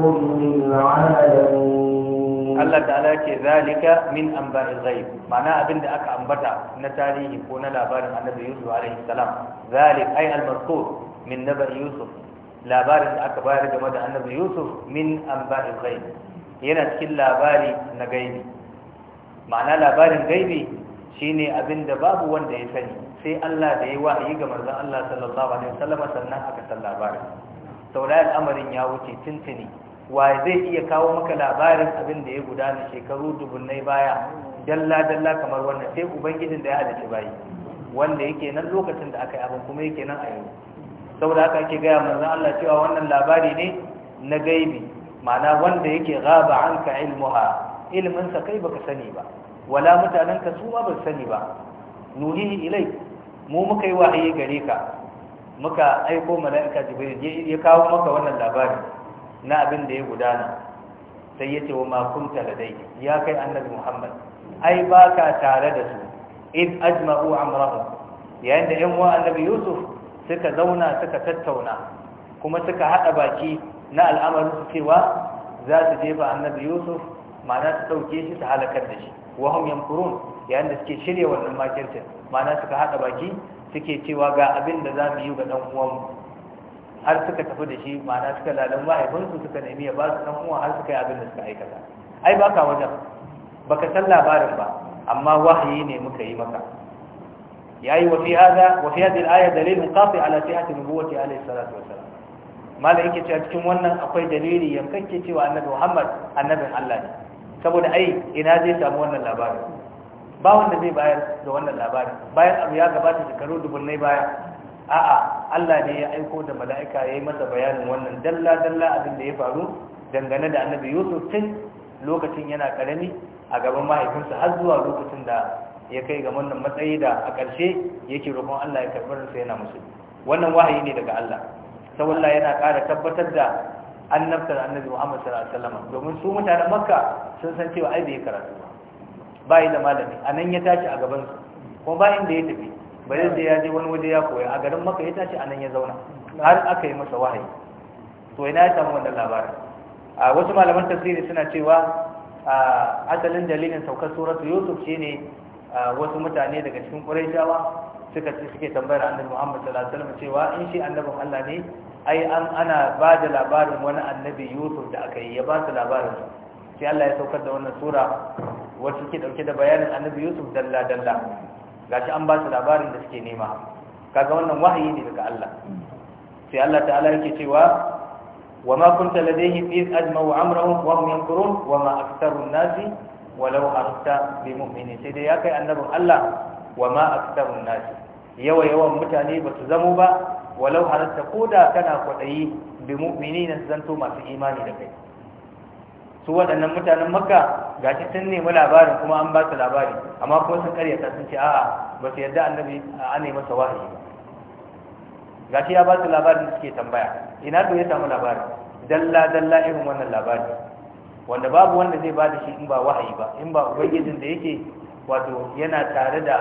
للعالمين الله تعالى كذلك من أنباء الغيب معناه أبن أك أنبتا نتاريه كون لابان النبي يوسف عليه السلام ذلك أي المذكور من نبأ يوسف labarin da aka bayar game da annabi yusuf min amba'il kai yana cikin labari na gaibi ma'ana labarin gaibi shine abin da babu wanda ya sani sai Allah da ya wa'ayi ga manzon Allah sallallahu alaihi wasallam sannan aka san labarin Saurayar al'amarin ya wuce tuntuni wa zai iya kawo maka labarin abin da ya gudana shekaru dubunnai baya dalla dalla kamar wannan sai ubangijin da ya halitta bayi wanda yake nan lokacin da aka yi abin kuma yake nan a yau saboda haka ake gaya manzon Allah cewa wannan labari ne na gaibi ma'ana wanda yake ghaba anka ilmuha ilmin sa kai baka sani ba wala mutanen ka su ma ba sani ba nuhihi ilai mu muka yi wahayi gare ka muka aiko mala'ika jibril ya kawo maka wannan labari na abin da ya gudana sai yace wa ma kunta ya kai annabi muhammad ai baka tare da su id ajma'u amrahum yayin da yan wa annabi yusuf suka zauna suka tattauna kuma suka haɗa baki na al'amarin su cewa za su jefa annabi yusuf ma'ana su ɗauke shi su halakar da shi wahum yankurun yayin da suke shirya wannan makircin ma'ana suka haɗa baki suke cewa ga abin da za mu yi ga dan uwan har suka tafi da shi ma'ana suka lalan mahaifinsu suka nemi ya ba su dan uwan har suka yi abin da suka aikata ai ba ka wajen baka san labarin ba amma wahayi ne muka yi maka yayi wa fi hada wa fi hadhihi al-aya dalilun qati ala sihhati nubuwwati alayhi salatu wa salam malai yake cewa cikin wannan akwai dalili yankakke cewa annabi Muhammad annabin Allah ne saboda ai ina zai samu wannan labarin ba wanda zai bayar da wannan labarin bayan abu ya gabata shekaru dubunnai baya a'a Allah ne ya aiko da mala'ika ya yi masa bayanin wannan dalla dalla abin da ya faru dangane da annabi Yusuf tun lokacin yana karami a gaban mahaifinsa har zuwa lokacin da ya kai ga wannan matsayi da a ƙarshe yake roƙon Allah ya karɓi ransa yana musu wannan wahayi ne daga Allah saboda yana ƙara tabbatar da annabtar annabi Muhammad sallallahu alaihi wasallam domin su mutanen Makka sun san cewa ai bai karatu ba bai da malami anan ya tashi a gaban su kuma bayan da ya tafi bayan da ya je wani waje ya koya a garin Makka ya tashi anan ya zauna har aka yi masa wahayi to ina ya samu wannan labarin a wasu malaman tafsiri suna cewa a asalin dalilin saukar suratu Yusuf shine wasu mutane daga cikin ƙurayshawa suka ce suke tambayar annabi Muhammad sallallahu alaihi wasallam cewa in shi annabin Allah ne ai an ana ba da labarin wani annabi Yusuf da aka yi ya ba su labarin sai Allah ya saukar da wannan sura wacce ke dauke da bayanin annabi Yusuf dalla dalla gashi an ba su labarin da suke nema kaga wannan wahayi ne daga Allah sai Allah ta'ala yake cewa wa ma kunta ladayhim iz ajma'u amrahum wa hum yanqurun wa ma aktharun nasi walau akta bi mu'mini sai dai ya kai annabin Allah wa ma aktarun nas yawa yawan mutane ba su zamo ba walau ko da kana kwadayi bi mu'mini na zanto masu imani da kai su waɗannan mutanen makka ga shi sun nemi labarin kuma an ba labari amma kuma sun karyata sun a'a ba su yarda annabi wahayi ba ga ya labarin da suke tambaya ina to ya samu labarin dalla dalla irin wannan labarin wanda babu wanda zai ba da shi in ba wahayi ba in ba ubangijin da yake wato yana tare da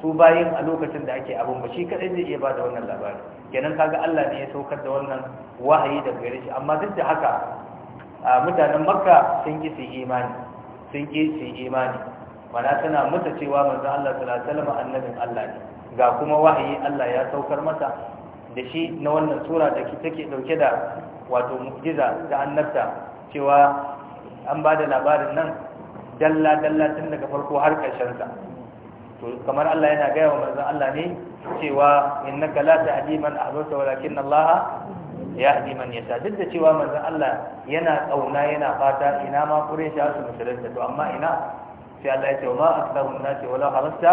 su bayin a lokacin da ake abin ba shi kadai zai iya ba da wannan labari kenan kaga Allah ne ya saukar da wannan wahayi da gare shi amma duk da haka mutanen makka sun ki su imani sun ki su imani mana tana mutu cewa manzo Allah sallallahu alaihi wasallam annabin Allah ne ga kuma wahayi Allah ya saukar masa da shi na wannan sura da take dauke da wato mu'jiza da annabta cewa an ba da labarin nan dalla-dalla tun daga farko har ƙarshensa to kamar Allah yana gaya wa manzan Allah ne cewa innaka la tahdi man ahbabta walakin Allah yahdi man yasa, duk da cewa manzan Allah yana kauna yana fata ina ma Quraysh su musulunta to amma ina sai Allah ya ce ma aktharun nasi wala harasta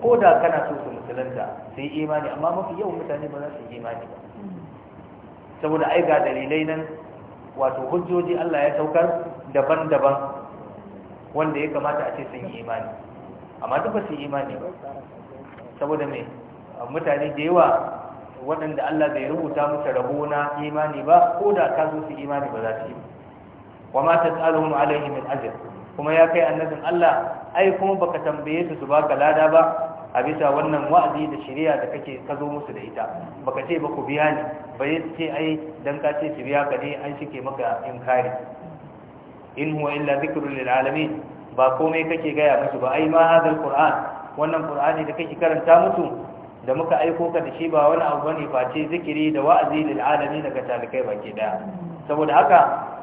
ko da kana so su musulunta sai imani amma mafi yawan mutane ba za su yi imani ba saboda ai ga dalilai nan wato hujjoji Allah ya saukar daban-daban wanda ya kamata a ce sun yi imani amma duk ba su yi imani ba saboda me mutane da yawa waɗanda Allah zai rubuta musu rabo na imani ba ko da ka zo su imani ba za su yi ba? wa ma tas'aluhum alaihi min ajr kuma ya kai annabin Allah ai kuma baka tambaye su su baka lada ba a bisa wannan wa'azi da shari'a da kake ka zo musu da ita baka ce ba ku biya ni ba ya ce ai dan ka ce su biya ka ne an shike maka inkari in huwa illa zikrun lil alamin ba komai kake gaya musu ba ai ma hadal qur'an wannan qur'ani da kake karanta musu da muka aiko ka da shi ba wani abu bane face zikiri da wa'azi lil alamin daga talikai baki daya saboda haka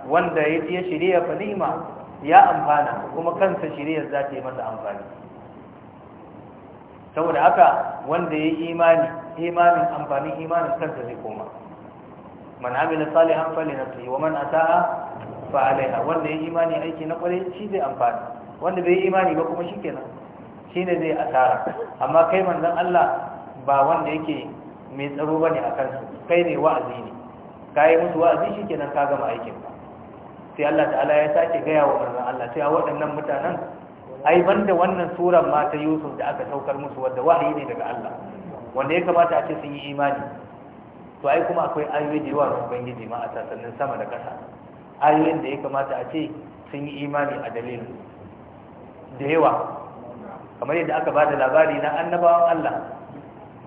wanda ya shirya ya amfana kuma kansa shirya za ta yi masa amfani saboda haka wanda ya yi imani imanin amfanin imanin kansa zai koma man amila salihan fali nafsi wa man ataa fa alaiha wanda ya yi imani aiki na kwarai shi zai amfani wanda bai yi imani ba kuma shikenan shine zai asara amma kai manzon Allah ba wanda yake mai tsaro bane a kansu kai ne wa'azi ne kai musu wa'azi shikenan ka gama aikin ka sai Allah ta'ala ya sake gaya wa manzon Allah a waɗannan mutanen ai banda wannan suran ma ta Yusuf da aka saukar musu wanda wahayi ne daga Allah wanda ya kamata a ce sun yi imani to ai kuma akwai ayoyi da yawa na Ubangiji ma a sassanin sama da ƙasa ayoyin da ya kamata a ce sun yi imani a dalilin da yawa kamar yadda aka bada labari na annabawan Allah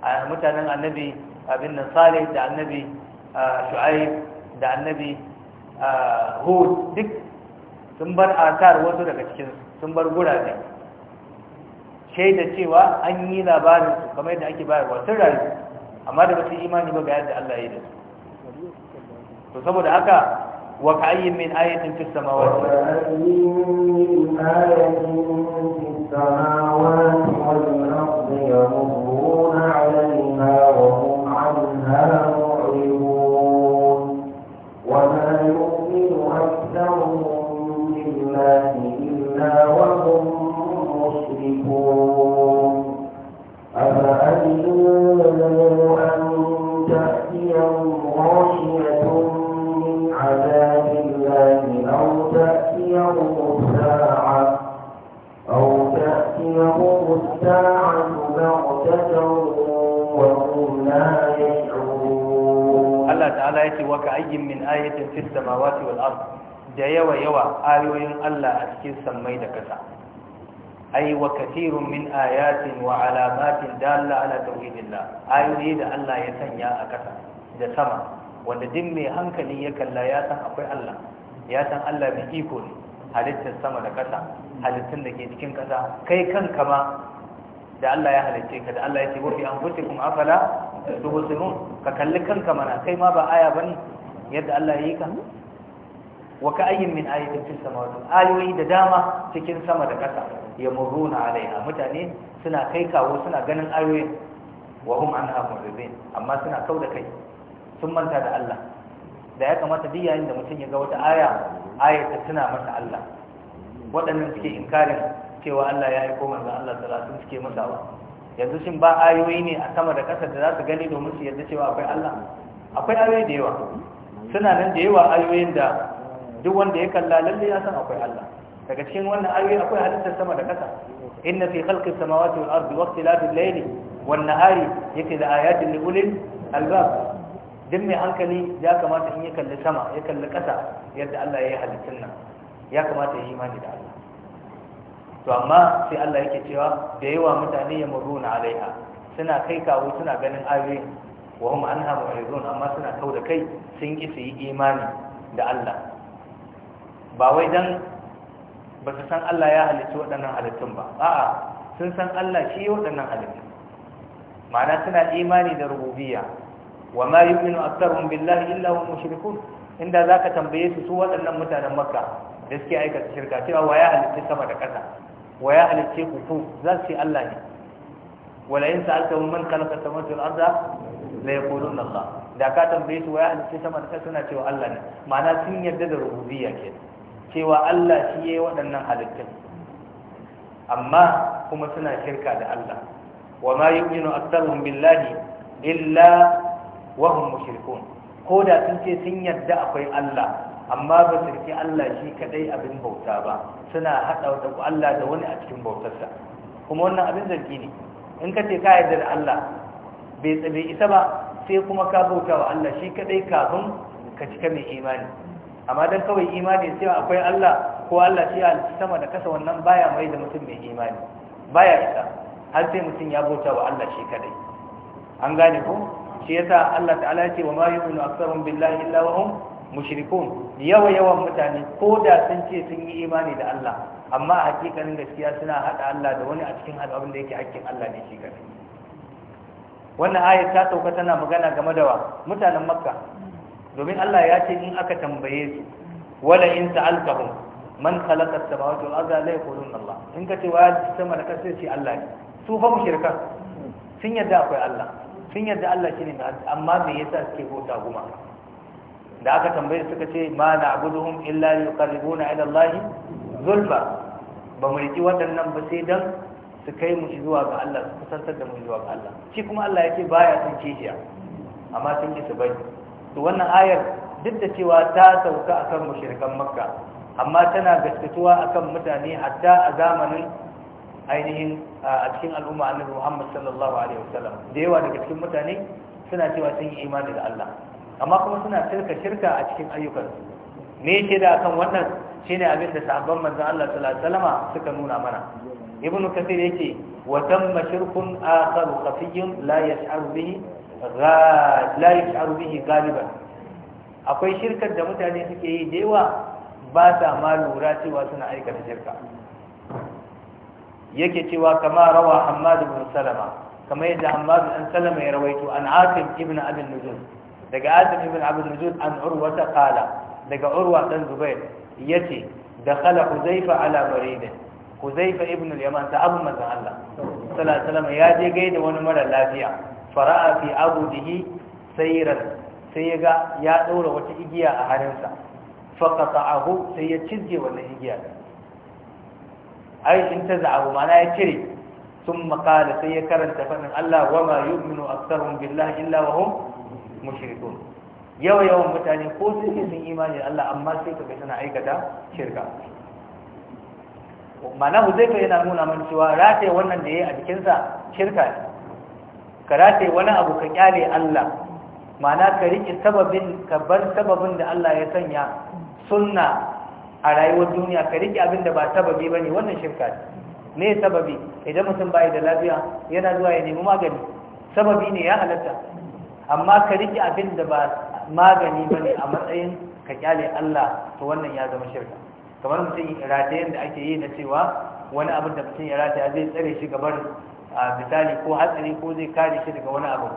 a mutanen annabi abin nan Salih da annabi Shu'aib da annabi Hud duk sun bar asar wasu daga cikinsu sun bar gurabe shaida cewa an yi labarin su kamar yadda ake bayarwa sun rayu amma da basu imani ba ga yadda Allah ya yi da su to saboda haka wa ka'ayyin min ayatin fis samawati wa ka'ayyin min ayatin fis samawati wal ardi yamud Allah ta'ala ya ce wa ka ayyin min ayatin fis samawati wal ard da yawa yawa ayoyin Allah a cikin sammai da kasa ai wa kathirun min ayatin wa alamatin dalla ala tauhidillah ayoyi da Allah ya sanya a kasa da sama wanda duk mai hankali ya kalla ya san akwai Allah ya san Allah mai iko ne halittar sama da kasa halittun da ke cikin kasa kai kanka ma da Allah ya halicce ka da Allah ya ce an fi anfusikum afala tubsirun ka kalli kanka mana kai ma ba aya ne. yadda Allah ya yi ka wa ka ayyin min ayatin fis samawati ayoyi da dama cikin sama da ƙasa yamurruna alaiha mutane suna kai kawo suna ganin ayoyin wa hum anha muridin amma suna kauda kai sun manta da Allah da ya kamata duk yayin da mutum ya ga wata aya aya ta tuna masa Allah waɗannan suke inkarin cewa Allah ya aiko manzon Allah salatu suke masa wa yanzu shin ba ayoyi ne a sama da ƙasa da za su gani domin su yarda cewa akwai Allah akwai ayoyi da yawa suna nan da yawa ayoyin da duk wanda ya kalla lalle ya san akwai Allah daga cikin wannan ayoyi akwai halittar sama da ƙasa inna fi khalqis samawati wal ardi waqtilafil layli wan nahari yake da ayatin li ulil albab duk mai hankali ya kamata in ya kalli sama ya kalli ƙasa yadda Allah ya yi halittun nan ya kamata ya yi imani da Allah to amma sai Allah yake cewa da yawa mutane ya muru na alaiha suna kai kawo suna ganin aure wa hum anha mu'ridun amma suna kau da kai sun ki su yi imani da Allah ba wai dan ba su san Allah ya halicci waɗannan halittun ba a'a sun san Allah shi ya waɗannan halittun ma'ana suna imani da rububiyya wa ma yu'minu aktharuhum billahi illa hum mushrikun inda zaka tambaye su su waɗannan mutanen Makka da suke aikata shirka cewa wa ya halitta sama da ƙasa Waya ya halice ku ku za su Allah ne wala in sa'altahum man khalaqa samawati wal arda la yaquluna Allah da ka tambaye su waya ya halice sama da suna cewa Allah ne ma'ana sun yarda da rububiyya ke cewa Allah shi yayi waɗannan halittun amma kuma suna shirka da Allah wa ma yu'minu aktharuhum billahi illa wa hum mushrikun ko da sun ce sun yarda akwai Allah amma ba su riƙe Allah shi kadai abin bauta ba suna haɗa da Allah da wani a cikin bautarsa kuma wannan abin zargi ne in ka ce ka yarda da Allah bai tsabe isa ba sai kuma ka bauta wa Allah shi kadai kafin ka cika mai imani amma dan kawai imani sai akwai Allah ko Allah shi a sama da kasa wannan baya mai da mutum mai imani baya isa har sai mutum ya bauta wa Allah shi kadai an gane ko shi yasa Allah ta'ala ya ce wa ma yu'minu aktsarum billahi illa wa hum mushrikun yawa yawan mutane ko da sun ce sun yi imani da Allah amma a hakikanin gaskiya suna hada Allah da wani a cikin abin da yake hakkin Allah ne shi kadai wannan aya ta tauka tana magana game da mutanen Makka domin Allah ya ce in aka tambaye su wala in ta'alqahum man khalaqa as-samawati wal arda la yaquluna Allah in ka ce wa sama da kasai ce Allah ne su fa mushrikan sun yarda akwai Allah sun yarda Allah shine amma me yasa suke bauta gumaka da aka tambaye suka ce ma na abuduhum illa yuqarribuna ila Allah zulfa ba mu riki waɗannan ba sai dan su kai mu zuwa ga Allah su kusantar da mu zuwa ga Allah shi kuma Allah yake baya son kishiya amma sun ki su bari. to wannan ayar duk da cewa ta sauka akan mushrikan makka amma tana gaskatuwa akan mutane hatta a zamanin ainihin a cikin al'umma annabi Muhammad sallallahu alaihi wasallam da yawa daga cikin mutane suna cewa sun yi imani da Allah amma kuma suna shirka shirka a cikin ayyukansu me yake da kan wannan shine abin da sahabban manzon Allah sallallahu alaihi wasallam suka nuna mana ibn kathir yake wa tamma shirkun akhar qafiyyun la yash'aru bihi la yash'aru bihi galiban akwai shirkar da mutane suke yi da yawa ba sa ma lura cewa suna aikata shirka yake cewa kama rawa Hammad ibn Salama kama yadda Hammad ibn Salama ya rawaito an Asim ibn Abi Nujum daga Asim ibn Abdul Wujud an Urwa ta qala daga Urwa dan Zubair yace dakhala Huzaifa ala maridin Huzaifa ibn al-Yaman ta abu manzon Allah sallallahu alaihi ya je gaida wani mara lafiya fara'a fi abudihi sayran sai ya ga ya ɗora wata igiya a hannunsa faƙaƙa abu sai ya cizge wannan igiya ai in ta za'abu mana ya cire sun makala sai ya karanta faɗin Allah wa ma yu'minu aksarun billahi illa wa hum mushrikun yawa yawan mutane ko sun ce sun imani Allah amma sai kaga suna aikata shirka mana huzaifa yana nuna mana cewa rate wannan da yayi a jikinsa shirka ne ka rate wani abu ka kyale Allah mana ka rike sababin ka bar sababin da Allah ya sanya sunna a rayuwar duniya ka rike abin da ba sababi ba wannan shirka ne sababi idan mutum bai da lafiya yana zuwa ya nemi magani sababi ne ya halatta amma ka rike abin da ba magani ba ne a matsayin ka kyale Allah to wannan ya zama shirka kamar mutum ratayen da ake yi na cewa wani abin da mutum ya rataya zai tsare shi gabar misali ko hatsari ko zai kare shi daga wani abu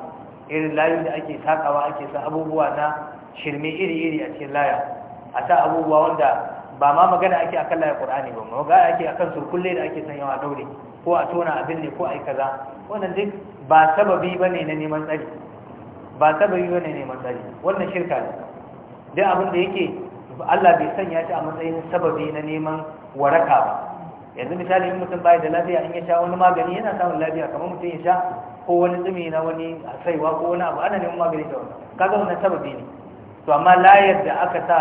irin layu da ake takawa ake sa abubuwa na shirme iri-iri a cikin laya a sa abubuwa wanda ba ma magana ake akan laya qur'ani ba ma ake akan surkulle da ake a daure ko a tona abin ne ko a yi kaza wannan duk ba sababi ba ne na neman tsari ba ta bai wani ne matsari wannan shirka ne duk abin da yake Allah bai sanya shi a matsayin sababi na neman waraka ba yanzu misali in mutum bai da lafiya in ya sha wani magani yana samun lafiya kamar mutum ya sha ko wani tsumi na wani saiwa ko wani abu ana neman magani da wani kaga wannan sababi ne to amma layar da aka sa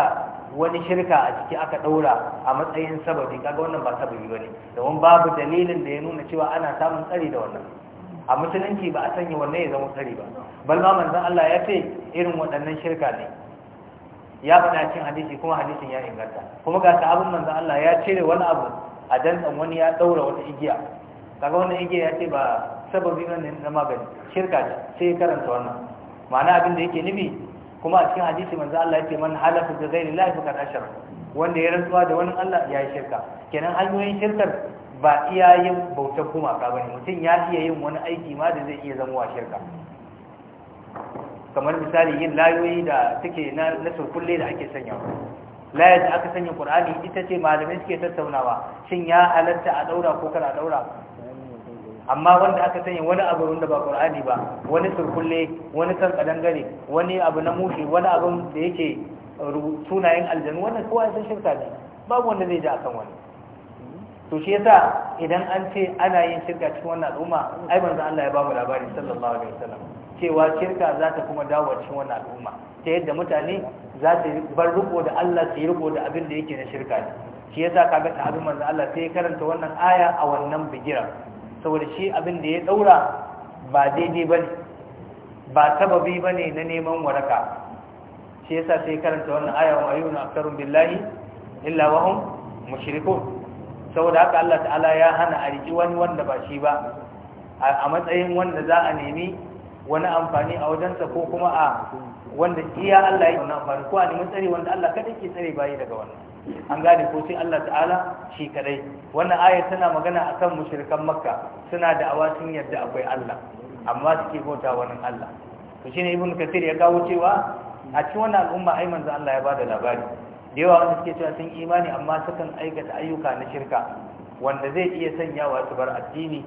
wani shirka a ciki aka daura a matsayin sababi kaga wannan ba sababi bane domin babu dalilin da ya nuna cewa ana samun tsari da wannan a musulunci ba a sanya wanne ya zama sari ba bal ma manzon Allah ya ce irin waɗannan shirka ne ya faɗa cikin hadisi kuma hadisin ya inganta kuma ga ta abin manzon Allah ya cire wani abu a dantsan wani ya ɗaura wata igiya kaga wannan igiya ya ce ba sababi ne na magani shirka ce sai ya karanta wannan ma'ana abin da yake nufi kuma a cikin hadisi manzon Allah ya ce man halafa bi ghairi llahi faqad ashara wanda ya rantsuwa da wani Allah ya yi shirka kenan hanyoyin shirkar ba iya yin bautar gumaka ba ne mutum ya iya yin wani aiki ma da zai iya wa shirka kamar misali yin layoyi da suke na surkulle da ake sanya layar da aka sanya ƙur'ani ita ce malamai suke tattaunawa shin ya halatta a ɗaura ko kana a ɗaura amma wanda aka sanya wani abu wanda ba ƙur'ani ba wani surkulle wani kan kadangare wani abu na mushe wani abun da yake sunayen aljanu wannan kowa ya san shirka ne babu wanda zai ji akan wani to shi yasa idan an ce ana yin shirka cikin wannan al'umma ai manzo Allah ya ba mu labari sallallahu alaihi wasallam cewa shirka za ta kuma dawo cikin wannan al'umma ta yadda mutane za su bar riko da Allah su yi riko da abin da yake na shirka ne shi yasa kaga ta abin manzo Allah sai ya karanta wannan aya a wannan bigira saboda shi abin da ya daura ba daidai bane ba sababi bane na neman waraka shi yasa sai karanta wannan aya wa ayyuna aktarun billahi illa wahum mushrikun saboda haka Allah ta'ala ya hana a riki wani wanda ba shi ba a matsayin wanda za a nemi wani amfani a wajensa ko kuma a wanda iya Allah ya wani amfani ko a nemi tsare wanda Allah kadai ke tsare bayi daga wannan an gane ko sai Allah ta'ala shi kadai wannan ayar tana magana akan mushrikan makka suna da awasin yadda akwai Allah amma suke bauta wani Allah to shine ibn kathir ya kawo cewa a cikin wannan al'umma ai manzo Allah ya bada labari da yawa wanda suke cewa sun imani amma sukan aikata ayyuka na shirka wanda zai iya wa su bar addini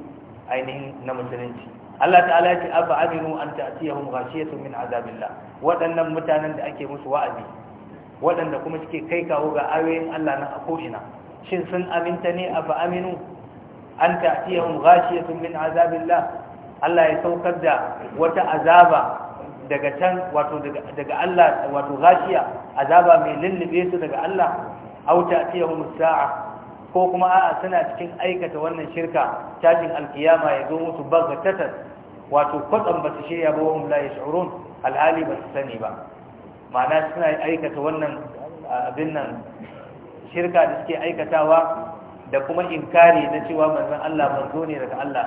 ainihin na musulunci Allah ta'ala ya ce abba aminu an ta'tiyahum ghashiyatun min azabillah waɗannan mutanen da ake musu wa'azi waɗanda kuma suke kai kawo ga ayoyin Allah na ina shin sun aminta ne abba aminu an ta'tiyahum ghashiyatun min azabillah Allah ya saukar da wata azaba daga can wato daga Allah wato gashiya azaba mai lullube su daga Allah auta tiyahum sa'a ko kuma a'a suna cikin aikata wannan shirka tashin alkiyama ya zo musu bagatatar wato kwatsam ba su shirya ba wahum la yash'urun alhali ba su sani ba ma'ana suna aikata wannan abin nan shirka da suke aikatawa da kuma inkari na cewa manzon Allah manzo ne daga Allah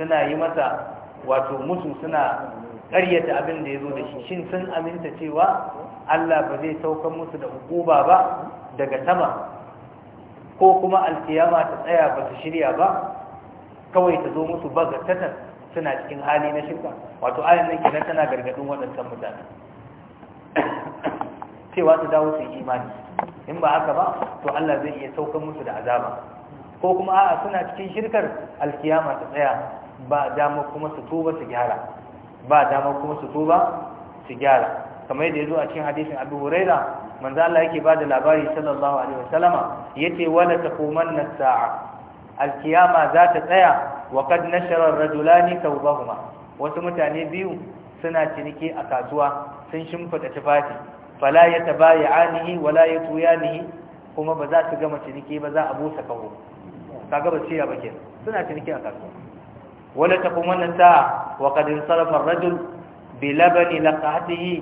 suna yi masa wato musu suna ƙaryata abin da ya zo da shi shin sun aminta cewa Allah ba zai saukan musu da hukuba ba daga sama ko kuma alkiyama ta tsaya ba su shirya ba kawai ta zo musu ba gattatar suna cikin hali na shirka wato ayan nan kenan tana gargadin waɗancan mutane cewa su dawo su yi imani in ba haka ba to Allah zai iya saukan musu da azaba ko kuma a'a suna cikin shirkar alkiyama ta tsaya ba dama kuma su tuba su gyara ba dama kuma su tuba su gyara kamar yadda ya zo a cikin hadisin abu huraira manzo Allah yake ba da labari sallallahu alaihi wasallama yace wala taqumanna sa'a alkiyama za ta tsaya wa qad nashara ar-rajulani kuma. wasu mutane biyu suna ciniki a kasuwa sun shimfida tufafi fala yatabayanihi wala yatuyanihi kuma ba za su gama ciniki ba za a busa kaho kaga ba ciya ba kenan suna ciniki a kasuwa wala takun wannan sa'a wa qad insarafa ar-rajul bi labani laqatihi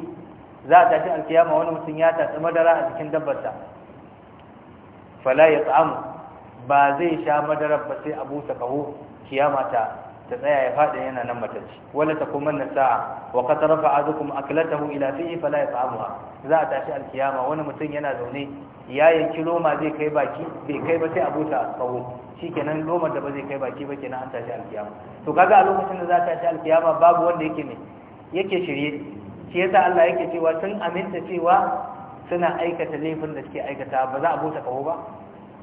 za a tashi alkiyama wani mutum ya tatsi madara a cikin dabbarsa fala ya tsamu ba zai sha madarar ba sai abu ta kaho kiyama ta ta tsaya ya faɗi yana nan matacci wala ta kuma na sa'a wa qad rafa'a zukum aklatahu ila fihi fala yat'amuha za a tashi alkiyama wani mutum yana zaune ya yanki loma zai kai baki bai kai ba sai abuta tsawo shikenan lomar da ba zai kai baki ba kenan an tashi alkiyama to kaga a lokacin da za ta tashi alkiyama babu wanda yake ne yake shirye shi yasa Allah yake cewa sun aminta cewa suna aikata laifin da suke aikata ba za a bota kawo ba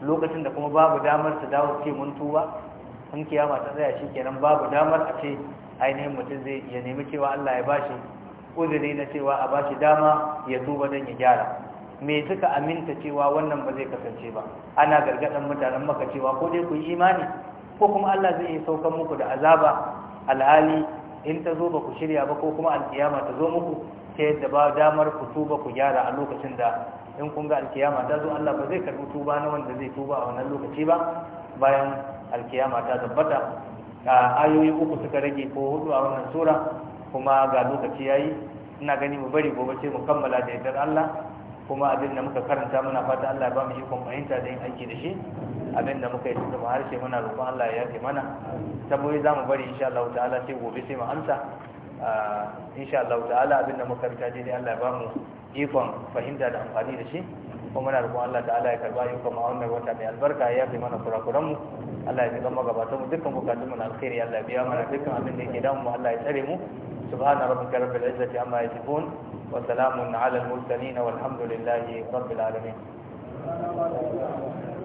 lokacin da kuma babu damar su dawo ce mun tuba in kiyama ta tsaya shi kenan babu damar a ce ainihin mutum zai ya nemi cewa Allah ya bashi uzuri na cewa a bashi dama ya duba don ya gyara me suka aminta cewa wannan ba zai kasance ba ana gargaɗin mutanen maka cewa ko dai ku yi imani ko kuma Allah zai yi saukan muku da azaba alhali in ta zo ba ku shirya ba ko kuma alkiyama ta zo muku ta yadda ba damar ku tuba ku gyara a lokacin da in kun ga alkiyama ta zo Allah ba zai karɓi tuba na wanda zai tuba a wannan lokaci ba bayan alkiyama ta tabbata a ayoyi uku suka rage ko hudu a wannan sura kuma ga lokaci yayi ina gani mu bari gobe ce mu kammala da yardar Allah kuma abin da muka karanta muna fata Allah ya ba mu ikon fahimta da yin aiki da shi abin da muka yi tunda mu harshe muna roƙon Allah ya yafe mana saboda za mu bari insha Allah ta'ala sai gobe sai mu amsa ah, insha Allah ta'ala abin da muka karanta dai Allah ya ba mu ikon fahimta da amfani da shi kuma muna roƙon Allah ta'ala ya karba ikon mu a wannan wata mai albarka ya yafe mana kurakuran mu Allah ya shiga magabata mu dukkan bukatun mu na alkhairi Allah biya mana dukkan abin da yake damu mu Allah ya tsare mu subhana rabbika rabbil izzati amma yasifun wa salamun ala al mursalin walhamdulillahi rabbil alamin